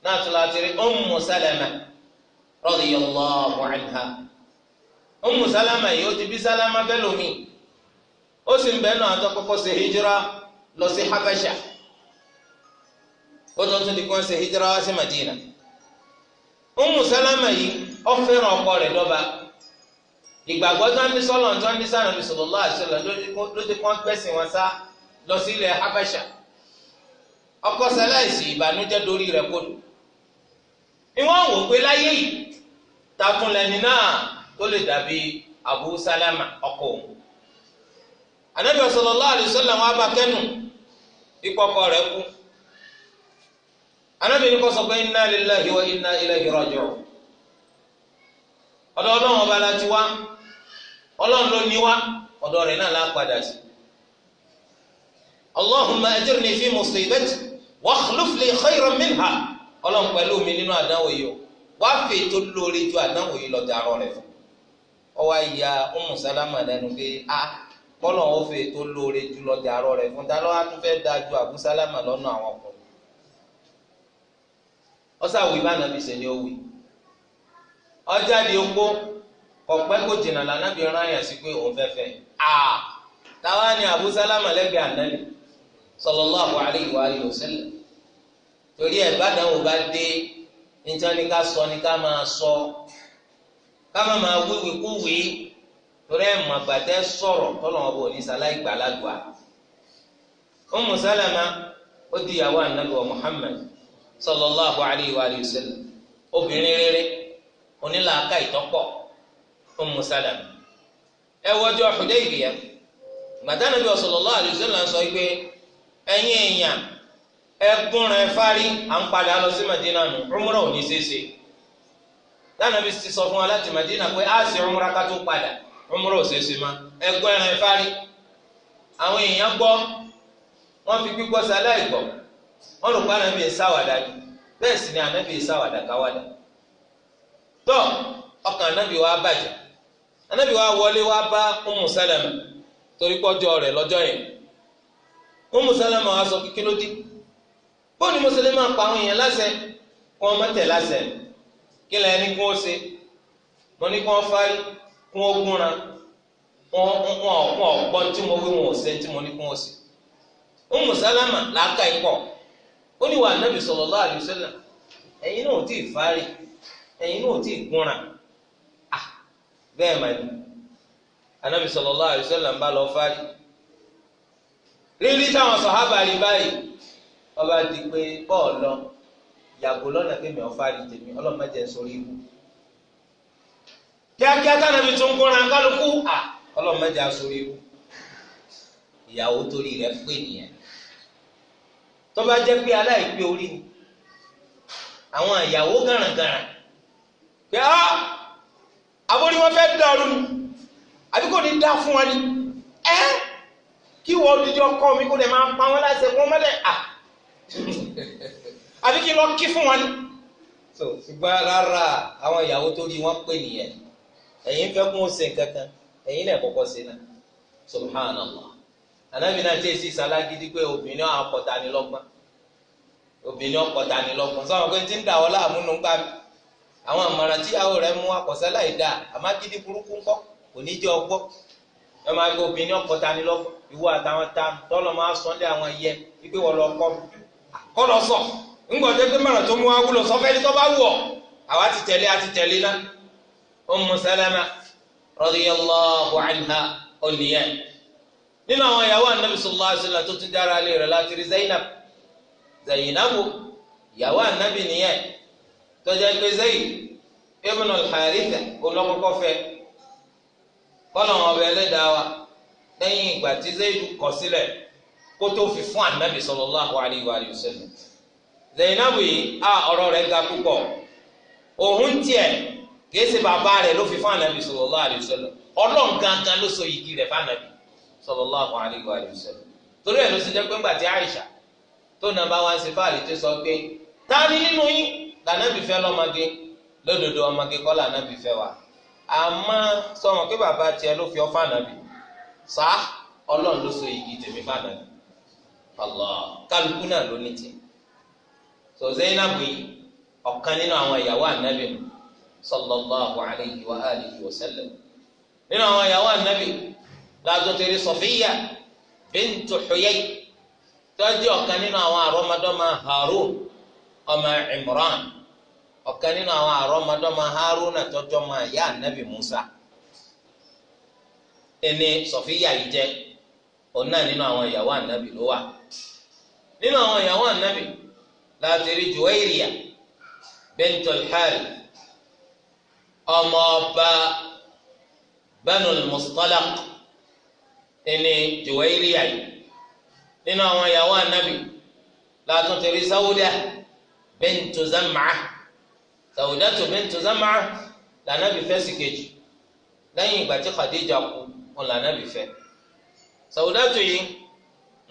náà tó láti rí Ummu Salama radiyallahu anha Ummu Salama yìí ó ti bí Salama bẹ́lómi ó sì ń bẹ́ẹ̀ náà tó kọ́kọ́ ṣe hijira lọ sí Habasha. O tó tún di kí wọ́n ṣe hijira sí Madina Ummu Salama yìí ó fẹ́ràn ọkọ rẹ̀ dọ́ba ìgbàgbọ́ tó ń bí sọ́lọ̀ tó ń bí sànà bí sallallahu alaihi wasallam ló ti kọ́ gbẹ̀sìn wọn sá lọ sí ilẹ̀ Habasha ọkọ sẹlẹ̀sì ìbànújẹ́ dorí rẹ̀ kodò ìwọ́n wò pé láyé yìí takun lẹ́ni náà tó lè dàbí Abu Salama ọkọ òun Ànábì sallallahu alaihi wasallam wọn abakẹ́nu ìkọkọ rẹ̀ kú anábìrin kọ́ sọ pé inna lillahi wa inna ilayhi raji'un ọ̀dọ̀ ọlọ́run ọba la ti wá ọlọ́run ló ní wá ọ̀dọ̀ rẹ̀ náà la padà sí. allahumma ajirni fi musibati wa akhlif li khayran minha ọlọ́run pẹ̀lú mi nínú àdánwò yìí o wá fètò lórí ju àdánwò yìí lọ dàrọ rẹ̀ fún ọwọ́ ìyá ọmọ sálámà lẹ́nu pé a kọ́lọ̀ ó fètò lórí ju lọ dàrọ rẹ̀ fún dalọ́ àtúfẹ́ dájú àbúsálámà ọsàwì bá nàbì sẹ ni ó wì ọjàdì okó kò jìnnà lànàbì rán yà sí pé òun fẹfẹ a táwa ni Abu Salama lẹgbẹẹ ànábì torí ẹ bá dáhùn bá dé níta ni ká sọ ni ká máa sọ ká má máa wíwí kú torí ẹ mọ tọlọmọ bò ní gbàlagbà ó di ìyàwó wa Muhammad. sallallahu alayhi wa obìnrin rere onílàákà ìtọ́pọ̀ Ummu Salama ẹ wọ́jọ́ Hudaybiyah gbàdánù bí sallallahu alayhi wa sọ pé ẹ̀yin èèyàn ẹ̀gbọ́nrún ẹ̀fárí à ń padà lọ sí Madina nù rúmúrà ò ṣeéṣe dáná ti sọ fún wa láti Madina pé sì rúmúrà ká tó padà rúmúrà àwọn èèyàn gbọ. fi sí wọ́n rò pé anabi ìsáwàdà ni bẹ́ẹ̀ sì ni anabi ìsáwàdà káwàdà tó ọkàn anabi wa bàjẹ́ anabi wa wọlé wa bá Ummu Salama torí pọ́jọ́ rẹ̀ lọ́jọ́ yẹn Ummu Salama wa sọ kíkí ló dé bóòlù mùsùlùmí àpá àwọn èèyàn lásẹ̀ kó wọn mọ̀tẹ̀ lásẹ̀ kí lẹ́yìn ní kí wọ́n ní kí wọ́n fárí kí wọ́n gúnra wọn wọn ọ̀pọ̀ tí mo wí wọn ò ṣe tí mo ní kí wọ́n ṣe Ummu Salama làákà ikọ̀. ó ní wà nábì sallallahu alaihi wasallam ẹ̀yin náà tí ì fárí ẹ̀yin náà tí ì gúnra bẹ́ẹ̀ mà anábì sallallahu alaihi wasallam ń bá lọ fárí rírí táwọn ọba di pé bọ́ọ̀ lọ yàgò lọ́nà kémi ọ̀fárí tèmi ọlọ́mọdé ibù kíákíá tánàbí gúnra kálukú ọlọ́mọdé ibù ìyàwó torí tó bá jẹ́ pé aláìpé orí ni àwọn ìyàwó gàràngàrà pé á àbórí wọn fẹ́ dàrú ni àbí kò ní dá fún wọn ni ẹ kí wọ́n dídí ọkọ mi kó lè máa pa wọn láti ẹ̀kọ́ mọ́lẹ̀ à àbí kí lọ kí fún wọn ni. so ṣùgbọ́n rárá àwọn ìyàwó tó rí wọn pè nìyẹn ẹ̀yin fẹ́ kún ó ṣe nǹkan kan ẹ̀yin náà kọ́kọ́ ṣe náà subhanallah. ànábì náà esi sala ìsàlágídí pé obìnrin ọ̀pọ̀ta ni lọ́gbọ́n obìnrin ọ̀pọ̀ta ni lọ́gbọ́n sọ̀rọ̀ pé tí ń dà ọ́ láàmú ń gbà àwọn àmọ̀ràn tíyàwó rẹ̀ mú àkọsẹ́ láì dà àmágídí burúkú ńkọ́ kò ní ẹ máa gbé obìnrin ni ìwọ àtàwọn ta máa sọ ọ́ àwọn yẹ wípé lọ nínú àwọn ìyàwó anabi sallallahu alaihi wasallam tó tún jára alẹ rẹ láti rí zainab zainabu ìyàwó anabi nìyẹn tó jẹ́ pé zayin ibn al olókùnkọ fẹ́ kọlọ ọbẹ ẹlẹ́dàá wa lẹ́yìn ìgbà tí zayidu kọ̀ sílẹ̀ kó tó fi fún sallallahu zainabu a ga púpọ̀ òun tiẹ̀ kìí ṣe bàbá rẹ̀ ló anabi ló yìí fún anabi. sallallahu alayhi wa sallam torí ẹ̀ ló ṣe jẹ́ pé ńgbà tí Aisha tó nà bá wá ń ṣe fáàlì tó sọ pé ta ni nínú yín lànàbì fẹ́ lọ́mọge lódodo ọmọge kọ́ lànàbì fẹ́ wa àmọ́ sọmọ pé bàbá tiẹ̀ ló fi ọfà nàbì sá ọlọ́run ló so igi tèmi fà nàbì Allah kálukú náà ló ní tiẹ̀ so Zainabu yìí ọ̀kan nínú àwọn ìyàwó ànábì sallallahu alayhi wa alihi wa sallam nínú àwọn ìyàwó ànábì látún ti rí sọfíyà bíntu Huyay tọ́jú ọ̀kan nínú àwọn àrọ́mọdọ́mọ Harun ọmọ Imran ọ̀kan nínú àwọn àrọ́mọdọ́mọ Haruna tọ́jú ọmọ ìyá anabi Musa ẹni sọfíyà yìí jẹ́ òun náà nínú àwọn ìyàwó anabi ló wà nínú àwọn ìyàwó anabi láti rí Juwayriya bíntu ọmọ ọba Banul Mustalaq ẹni Juwayriya yìí nínú àwọn ìyàwó anabi látún tẹ̀lé Sawda bintu Zam'ah Sawdatu bintu Zam'ah lànàbì fẹ́ sí kejì lẹ́yìn ìgbà tí Khadija kú wọn lànàbì fẹ́ Sawdatu yìí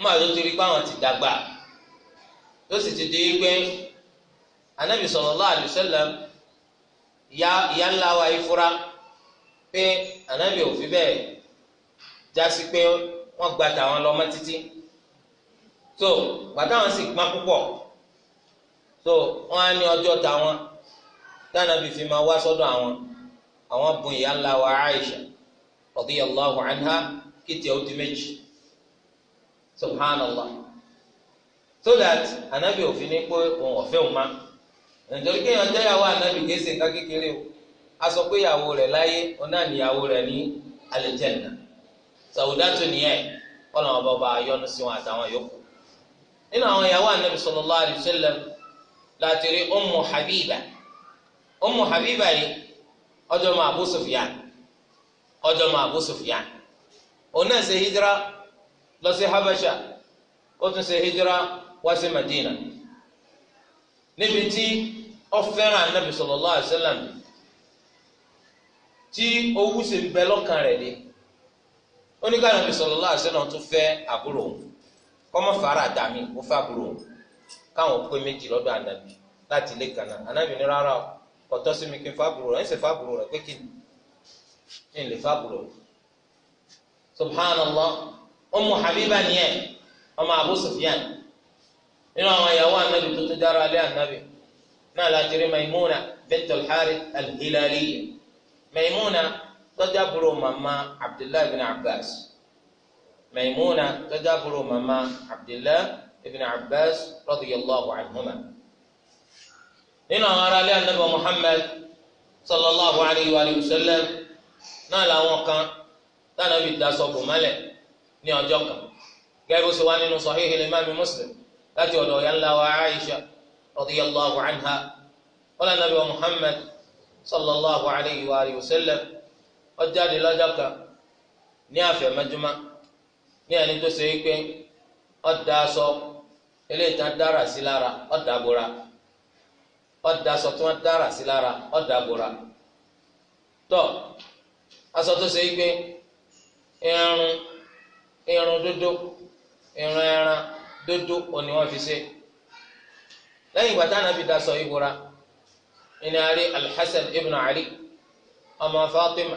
mú àdótórí pé àwọn ti dàgbà tó sì ti di gbé anabi sallallahu alaihi wasallam ìyá ńlá wa ìfura pé anabi ò fi bẹ́ẹ̀ jásí pé wọ́n gba tàwọn lọ mọ́ títí so gbàtà wọn sì gbọ́n púpọ̀ so wọ́n á ní ọjọ́ tàwọn dáná fífi máa wá sọ́dọ̀ àwọn àwọn bùn ìyá ńlá wa Aisha radiyallahu anha kìtì ọdí méjì subhanallah so that anabi òfin ní pé òun ọ̀fẹ́ òun máa nítorí kéèyàn jẹ́ ìyàwó ànábì kìí ṣe nǹkan kékeré o a sọ pé ìyàwó rẹ̀ láyé ọ̀nà níyàwó rẹ̀ ní àlùjánnà sàwùdátù nìyẹn kọ́nà ọba ọba yọ́nú sí wọn àtàwọn yòókù nínú àwọn ìyàwó anabi sallallahu alayhi wa sallam láti rí ummu habiba ummu habiba yìí ọjọ́ mọ abu sufyan ọjọ́ mọ abu sufyan òun náà ṣe hijira lọ sí habasha ó tún ṣe hijira wá sí madina níbi tí ó anabi sallallahu alayhi wa sallam tí owó sì ń bẹ lọ́kàn rẹ̀ dé oníkànnì bí sallallahu alaihi wasallam tún fẹ́ àbúrò òun kọ́mọ fara dàmí ó fẹ́ àbúrò òun káwọn pé méjì lọ́dọ̀ ànábì láti ilé kan náà ànábì ní rárá ọ̀tọ́ sí mi kí n fábùrò rẹ̀ ń sì fábùrò rẹ̀ pé kí ni n lè fábùrò rẹ̀ subhanallah Ummu Habiba nìyẹn ọmọ Abu Sufyan nínú àwọn ìyàwó ànábì tó tó dára alẹ́ ànábì náà láti rí Maimuna bint al-Harith Maimuna tọ́jà búrò màmá abdullahi ibn abbas maimuna tọ́jà búrò màmá abdullahi ibn abbas radiyallahu anhuma nínú àwọn aráalé anabi muhammad sallallahu alayhi wa sallam náà làwọn kan tánàbí dasọ̀kù mọ́lẹ̀ ní ọjọ́ kan gẹ́gẹ́ bó ṣe wá nínú sahihil imam muslim láti ọ̀dọ̀ ọ̀yà ńlá wa aisha radiyallahu anha wọ́n lànà bí wa muhammad sallallahu alayhi wa sallam ó jáde lọ́jọ́ kan ní àfẹ̀mẹ́júmọ́ ní ẹni tó ṣe wípé ó da aṣọ eléyìí tán dára sí lára ó dàbòrà ó da aṣọ tí wọ́n dára sí lára ó dàbòrà tó aṣọ tó ṣe wípé irun irun dúdú irun ẹran dúdú òní wọ́n fi ṣe lẹ́yìn ìgbà táwọn àbí daṣọ ìbora ìní àrí ibn Ali ọmọ Fatima.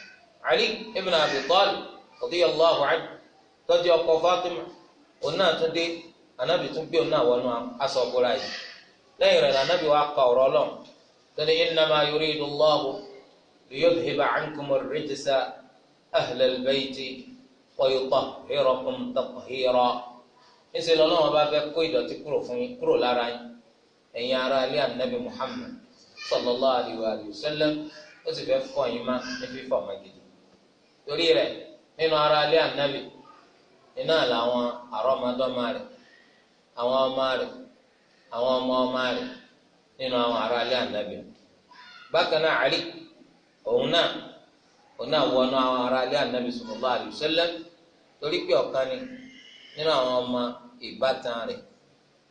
ali ibn abi talib radiyallahu anhu tọ́jú ọkọ fatima òun náà tún dé anabi tún gbé òun náà wọnú aṣọ ọkùnrin yìí lẹ́yìn rẹ̀ lànàbì wa kọ ọ̀rọ̀ lọ́n tóní innama yuridu Allahu liyudhhiba ankumu rijsa ahlal bayti wa yutahhirakum tathira ńṣe lọ́lọ́wọ́n bá fẹ́ kó ìdọ̀tí kúrò fún yín kúrò lára yín ẹ̀yin ará ilé anabi muhammad sallallahu alayhi wa sallam ó sì fẹ́ fọ́ yín má ní fífọ́ ọmọ gidi torí rẹ̀ nínú ara ilé ànábì iná làwọn àrọ́mọdọ́mọ rẹ̀ àwọn ọmọ rẹ̀ àwọn ọmọ ọmọ rẹ̀ nínú àwọn ará ilé ànábì bákan náà àlì òun náà òun náà wọnú àwọn ará ilé ànábì sallallahu alaihi wasallam torí pé ọ̀kan ni nínú àwọn ọmọ ìbátan rẹ̀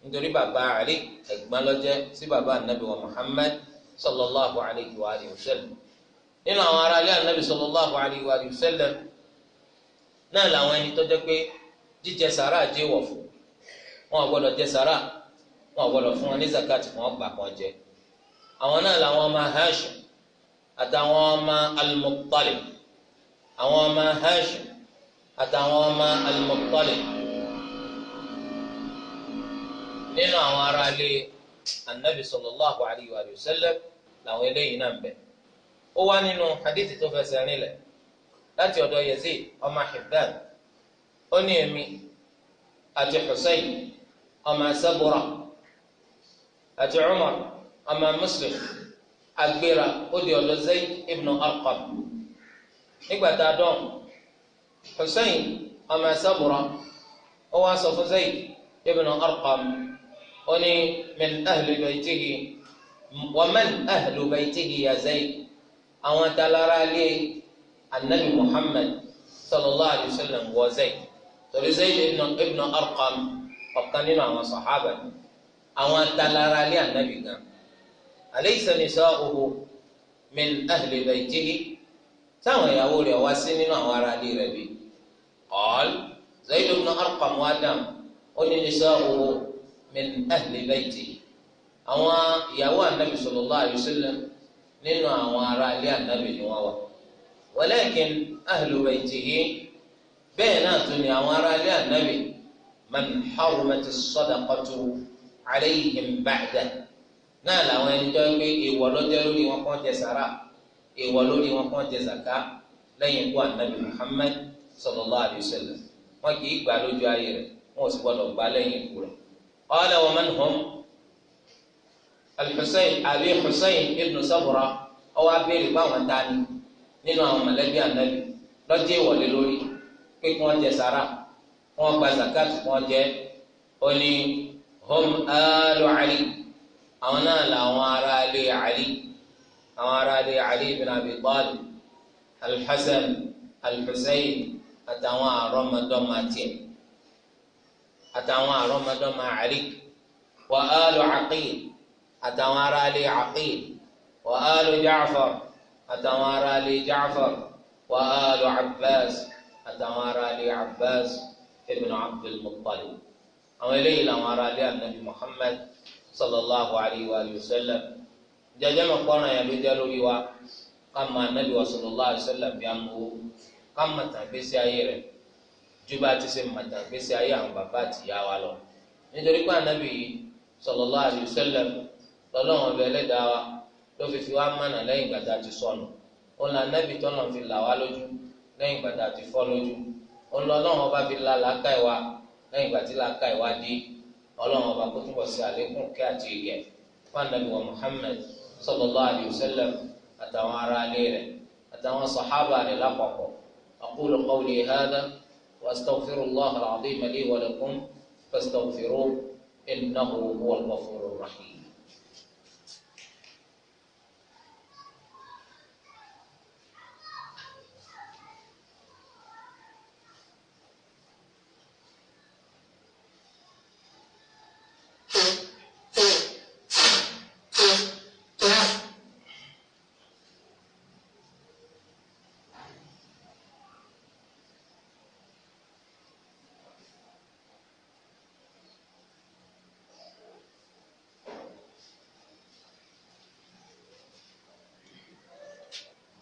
nítorí bàbá àlì ẹ̀gbọ́n ló sí bàbá ànábì wa Muhammad sallallahu alaihi wa alihi wasallam nínú àwọn ará ilé anabi sallallahu alayhi wa sallam náà làwọn ẹni tó jẹ pé jíjẹ sàrà jẹ wọ fún wọn gbọ́dọ̀ jẹ sàrà wọn gbọ́dọ̀ fún wọn ní zakati wọn gbà kan jẹ àwọn náà làwọn ọmọ Hashim àtàwọn ọmọ al àwọn ọmọ Hashim àtàwọn ọmọ al nínú àwọn ará ilé anabi sallallahu alayhi wa sallam làwọn eléyìí náà ń ó wá nínú hadith tó fẹsẹ̀ rinlẹ̀ láti ọ̀dọ̀ Yazid ọmọ Hibban ó ní èmi àti Husayn ọmọ Sabura àti Umar ọmọ Muslim agbera ó di ọ̀dọ̀ Zayd ibn Arqam nígbà tá a dán Husayn ọmọ Sabura ó wá sọ fún Zayd ibn Arqam ó ní min ahli baytihi wa man ahlu baytihi ya Zayd àwọn talara lé anabi muhammad sallallahu alayhi wa sallam wọ zayd torí zayd ibn arqam ọ̀kan nínú àwọn sọ̀hábà àwọn talara lé anabi gan alaysa nisa'uhu min ahli baytihi táwọn ìyàwó rẹ̀ wá sí nínú àwọn ará ilé rẹ̀ bí qal zayd ibn arqam wá dáhùn ó ní nisa'uhu min ahli baytihi àwọn ìyàwó anabi sallallahu alayhi wa sallam nínú àwọn ará ilé ànábì ni wọ́n wà walakin ahlu baytihi bẹ́ẹ̀ náà tún ni àwọn ará ilé ànábì man harumati sadaqatu alayhim ba'da náà làwọn ẹni tó ń gbé ìwọ lọ́jọ́ lórí wọn kàn jẹ sàrà ìwọ lórí wọn kàn jẹ zaka lẹ́yìn ikú ànábì Muhammad sallallahu alayhi wọn kì í gbà lójú ayé rẹ̀ wọn ò sì gbọdọ̀ gbà lẹ́yìn ikú rẹ̀ qala wa man al-Husayn abi Husayn ibn Sabra ọwọ abéèrè bá wọn dání nínú àwọn mọ̀lẹ́bí ànábì lọjọ ìwọlé lórí pé kí wọn jẹ sàrà kí wọn gba zakat kí wọn jẹ oní hom alu ali àwọn náà làwọn ará ilé ali àwọn ará ilé ali ibn Abi Talib al-Hasan àtàwọn àrọmọdọ́mọ tiẹ àtàwọn àrọmọdọ́mọ ali wa alu aqil àtàwọn aráalé Aqil wa alu Ja'far àtàwọn aráalé Ja'far wa alu Abbas àtàwọn aráalé Abbas ibn Abdul Muttalib àwọn eléyìí làwọn aráalé Ànábì Muhammad sallallahu alayhi wa sallam jẹjẹ mọ kpọrọ yẹn ló jẹ lórí wa kama anabi wa sallallahu alayhi wa sallam bí amuwo kama tàn gbèsè ayé rẹ̀ ju bá a ti ṣe màtà gbèsè ayé àwọn bàbá àti ìyá wa lọ nítorí pé anabi sallallahu alayhi wa sallam lọ́lọ́run ọbẹ̀ ẹlẹ́dàá wa ló fi fi wá mánà lẹ́yìn gbàdá ti sọnù òun là nẹ́bì tọ́lọ̀ fi là wá lójú lẹ́yìn gbàdá ti fọ́ lójú òun lọ́lọ́run ọba fi la làákà ìwà lẹ́yìn gbà tí làákà ìwà dé ọlọ́run ọba kó túbọ̀ sí àlékún kí àti ìgẹ̀ fún anabi wa Muhammad sallallahu alayhi àtàwọn ará alẹ́ rẹ̀ àtàwọn sàhábà rẹ̀ lápapọ̀ aqulu qawli hadha واستغفر الله العظيم لي ولكم فاستغفروه إنه هو الغفور الرحيم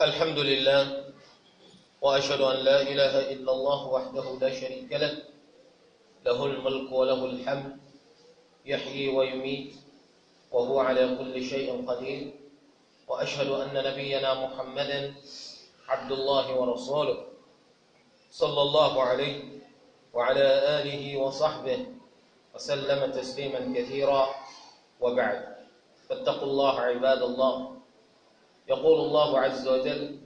الحمد لله وأشهد أن لا إله إلا الله وحده لا شريك له له الملك وله الحمد يحيي ويميت وهو على كل شيء قدير وأشهد أن نبينا محمدا عبد الله ورسوله صلى الله عليه وعلى آله وصحبه وسلم تسليما كثيرا وبعد فاتقوا الله عباد الله يقول الله عز وجل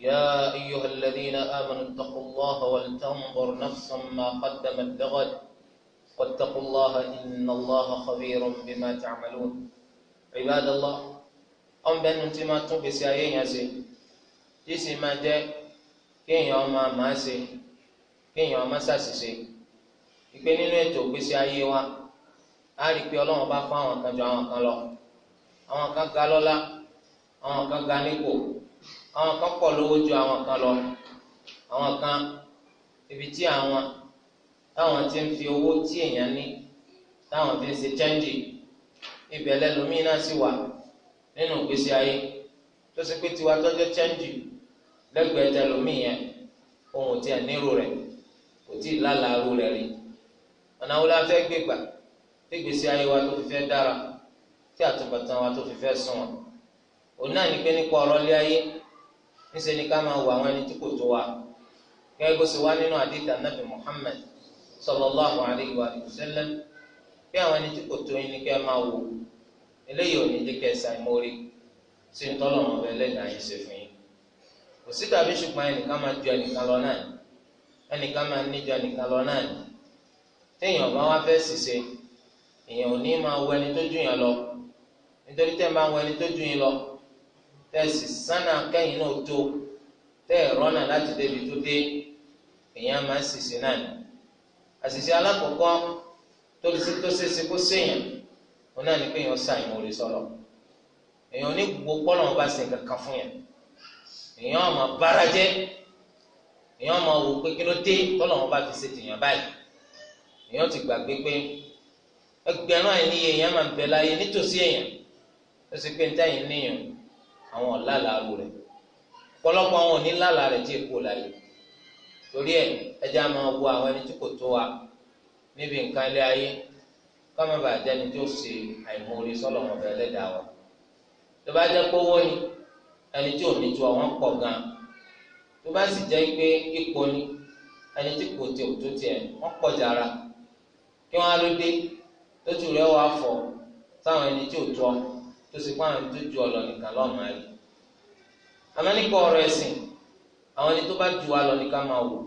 يا أيها الذين آمنوا اتقوا الله ولتنظر نفسا ما قدمت لغد واتقوا الله إن الله خبير بما تعملون عباد الله أم بأن أنت ما تبس يا يسي يسي ما جاء كين يوم ما سي كين يوم ما ساسي سي يكيني ètò ìgbésí يا wa a rí i pé ọlọ́run bá fún àwọn kan ju àwọn kan ga nípò àwọn kan pọ̀ lówó ju àwọn kan lọ àwọn kan ibi tí àwọn táwọn ti ń fi owó tí èèyàn ní táwọn fi ń ṣe chẹ́ńjì ibẹ̀ lẹ́lòmíín náà sì wà nínú ìgbésí ayé tó ṣe pé tiwa tọ́jọ́ chẹ́ńjì lẹ́gbẹ̀ẹ́ tẹlòmíín yẹn ohun tí ẹ̀ nírú rẹ̀ kò tí ì lálàárú rẹ̀ rí ọ̀nà la fẹ́ gbégbà tí ìgbésí ayé wa tó fi fẹ́ dára tí àtúbọ̀tán wa tó fi fẹ́ sunwọ̀n. òun náà ní pé nípa ọ̀rọ̀ lé ayé níṣẹ́ ni ká máa wọ àwọn ẹni tí kò tó wa gẹ́gẹ́ bó ṣe wá nínú àdìtà nàbì Muhammad ahụ alayhi wa sallam bí àwọn ẹni tí kò tó yín ní kẹ́ máa wò eléyìí ò ní jẹ́ kẹ́ mórí sí ń tọ́lọ̀ wọn bẹ́ẹ̀ ṣe fún yín kò sí lọ náà ẹnìkan máa ẹnìkan lọ náà téèyàn bá wá fẹ́ èèyàn ò ní ẹni tó ju lọ nítorí tẹ́ tẹ̀sí sánà kẹ́yìn náà tó tẹ́ ẹ̀ rọ́nà láti débi tó dé èèyàn máa ń ṣìṣe náà ni àṣìṣe alákọ̀ọ́kọ́ tó lè ṣe tó ṣe ṣe kó ṣèyàn wọn náà ní pé èèyàn sa ìmọ̀ orí sọ̀rọ̀ èèyàn ní gbogbo pọ́lọ̀ wọn bá ṣe nǹkan kan fún yàn èèyàn ọmọ bára jẹ́ èèyàn ọmọ wò pé kí ló dé pọ́lọ̀ wọn bá fi ṣe tèèyàn báyìí èèyàn ti gbàgbé pé ẹgbẹ̀rún àìníye èèyàn máa ń bẹ láyé nítòsí èèyàn ó sì pé ní táyìn níyàn àwọn ọ̀làlàrú rẹ̀ ọ̀pọ̀lọpọ̀ àwọn òní rẹ̀ tí èkó láyé torí ẹ̀ ẹja máa bụ àwọn ẹni tí kò tó wa níbi nǹkan ilé ayé ká tí ó ṣe àìmoore sọ́lọ̀ wọn bẹ̀rẹ̀ lẹ́dàá wa ni ẹni tí ò ní tu àwọn pọ̀ gan tó bá sì jẹ́ pé ipò ẹni tí kò tẹ̀ tiẹ̀ wọ́n pọ̀ jára kí wọ́n á tó sì pààrọ̀ tó ju ọ̀lọ́ nìkan lọ́mọ ẹ̀ àmọ́ nípa ọ̀rọ̀ ẹ̀sìn àwọn ẹni tó bá ju wa lọ nìkan máa wò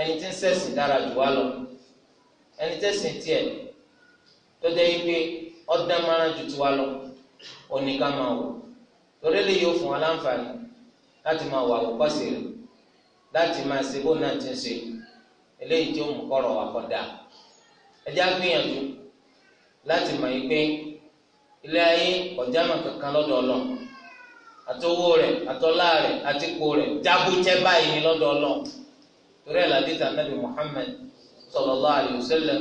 ẹni tí ń ṣẹ̀sìn dára ju wa lọ ẹni tẹ̀sìn tiẹ̀ tó jẹ́ ipe ọ̀dá mara ju tiwa lọ oníkan máa wò torí lè yóò fún wa láǹfààní láti máa wà àwòkọ́sí rẹ̀ láti máa ṣe bó náà ti ń ṣe eléyìí tí ó mú kọ́rọ̀ wa kọ́ da ẹjẹ́ á gbìyànjú láti mọ̀ yìí pé ilé ayé ọjà mà kankan lọ́dọ̀ Ọlọ́run àtọwó rẹ̀ àtọlá rẹ̀ àtìpó rẹ̀ jábútẹ báyìí ni lọ́dọ̀ torí ẹ làdìtà nàbì Muhammad sallallahu alaihi wasallam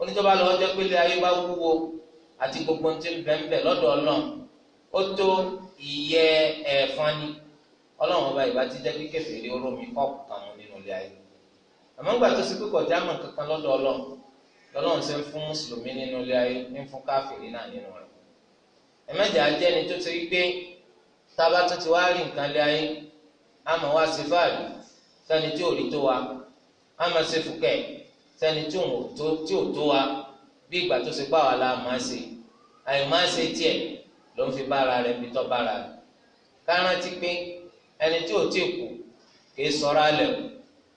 oníjọba lọ jẹ pé ilé ayé bá wúwo àti gbogbo ti ń bẹnbẹ lọ́dọ̀ Ọlọ́run ó tó ìyẹ́ ẹ̀fọn ni Ọlọ́run ọba ìbá ti jẹ kí kẹfìrí olómi kọọkù kan mu nínú ilé ayé àmọ́ ńgbà tó sì kọjá mà kankan lọ́dọ̀ Ọlọ́run ṣe ń fún mùsùlùmí nínú ilé ayé ń fún káfìrí náà nínú rẹ̀. ẹ̀mẹ́jẹ̀ ajẹ́ ni tó ti rí pé tába tó ti wá rí nǹkan lé ayé àmọ́ wá sí fáàlì sẹ́ni tí ò rí tó wa àmọ́ sí tí ò tó wa bí ìgbà tó pa wà la máa ṣe àyè ló ń fi bára rẹ bí tọ́ bára rẹ̀ ẹni tí ò tí kù kìí o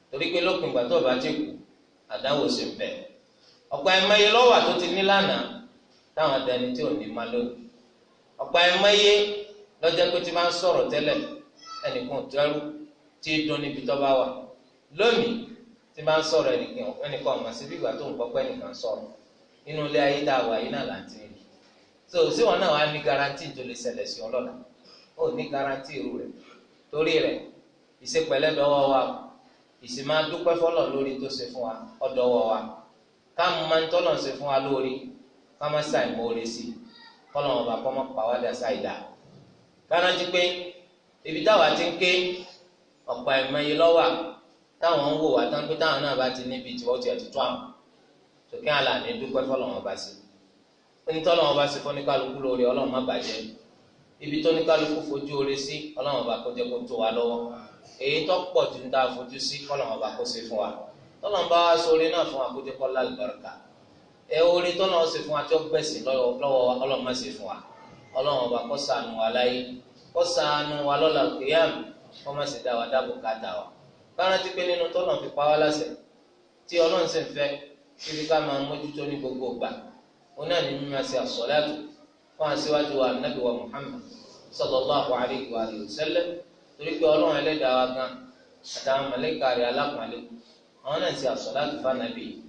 torí pé lópin ìgbà tó o bá ti kù àdáwò sì bẹ ọ̀pọ̀ ẹ̀mẹ́yẹ lọ́wọ́ àtúntì táwọn tí ọ̀pọ̀ ẹ̀mọ́yé lọ́jọ́ pé tí máa ń sọ̀rọ̀ tẹ́lẹ̀ ẹnìkan tẹ́rù tí dún níbi tó bá wà lónìí tí máa ń sọ̀rọ̀ ẹnìkan ọ̀mà síbi ìgbà tó ń kọ́kọ́ ẹnìkan sọ̀rọ̀ inú ilé ayé tá a wà yìí náà là ń ti rí so sí wọn náà wà ní garanti tó lè ṣẹlẹ̀ sí ọlọ́la ó ní garanti irú rẹ̀ torí rẹ̀ ìṣepẹ̀lẹ́ dọ́wọ́ wa ìsìnmá dúpẹ́ fọlọ́ lórí tó ṣe fún wa ọ̀dọ́wọ́ wa káàmù máa ń tọ́lọ̀ ṣe fún wa lórí ká má kọ́nà ọba kọ́mọ pàwádà ṣàìdá kárántí pé ibi táwa ti ń ké ọ̀pọ̀ ẹ̀mọye lọ́wà táwọn ń wò wá tán pé táwọn náà bá ti níbi tí wọ́n ti ẹ̀tú tó àwọn tòkí àlà ní dúpẹ́ fọlọ́wọ́n bá sí onítọ́lọ́wọ́n bá sí fọ́níkálukú lórí ọlọ́run má bàjẹ́ ibi tóníkálukú fojú oore sí ọlọ́run bá kó jẹ́ kó tó wa lọ́wọ́ èyí tó pọ̀ ju ń tá a fojú sí ọlọ́run bá kó ṣe fún wa tọ́lọ́run bá wá sórí náà fún wa kó jẹ́ kó ẹ oore tọ́nà ọ̀sẹ̀ fún wa tí ó gbẹ̀sìn lọ́wọ́ ọlọ́mọ ṣe fún wa ọlọ́run ọba kó ṣàánú wa láyé kó ṣàánú wa lọ́la kéyàm kó má sì dá wa dábò ká dà wa kárántí pé nínú tọ́nà fi pa wá láṣẹ tí ọlọ́run sì ń fẹ́ kíbi ká máa mójútó ní gbogbo ìgbà òun náà ní mímọ́ sí àsọ̀lẹ́tù fún àṣewájú wa nàbí wa Muhammad sallallahu alayhi wa sallam torí pé ọlọ́run ẹlẹ́dàá wa gan àtàwọn mọ̀lẹ́kà alákùnrin àwọn náà sì àsọ̀lẹ́tù fún ànábì yìí.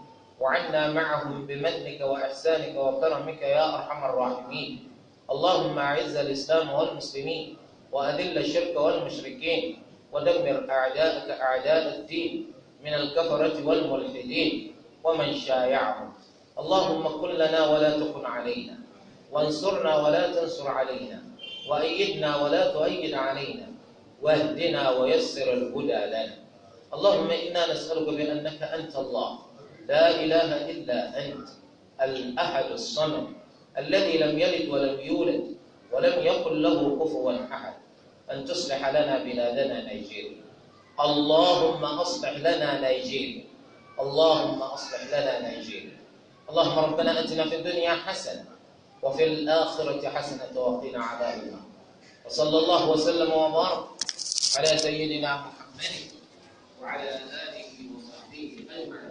وعنا معهم بمنك وإحسانك وكرمك يا أرحم الراحمين اللهم أعز الإسلام والمسلمين وأذل الشرك والمشركين ودمر أعداءك أعداء الدين من الكفرة والملحدين ومن شايعهم اللهم كن لنا ولا تكن علينا وانصرنا ولا تنصر علينا وأيدنا ولا تؤيد علينا واهدنا ويسر الهدى لنا اللهم إنا نسألك بأنك أنت الله لا إله إلا أنت الأحد الصمد الذي لم يلد ولم يولد ولم يقل له كفوا أحد أن تصلح لنا بلادنا نيجيريا اللهم أصلح لنا نيجيريا اللهم أصلح لنا نيجيريا اللهم ربنا أتنا في الدنيا حسنة وفي الآخرة حسنة وقنا عذاب النار وصلى الله وسلم وبارك على سيدنا محمد وعلى آله وصحبه أجمعين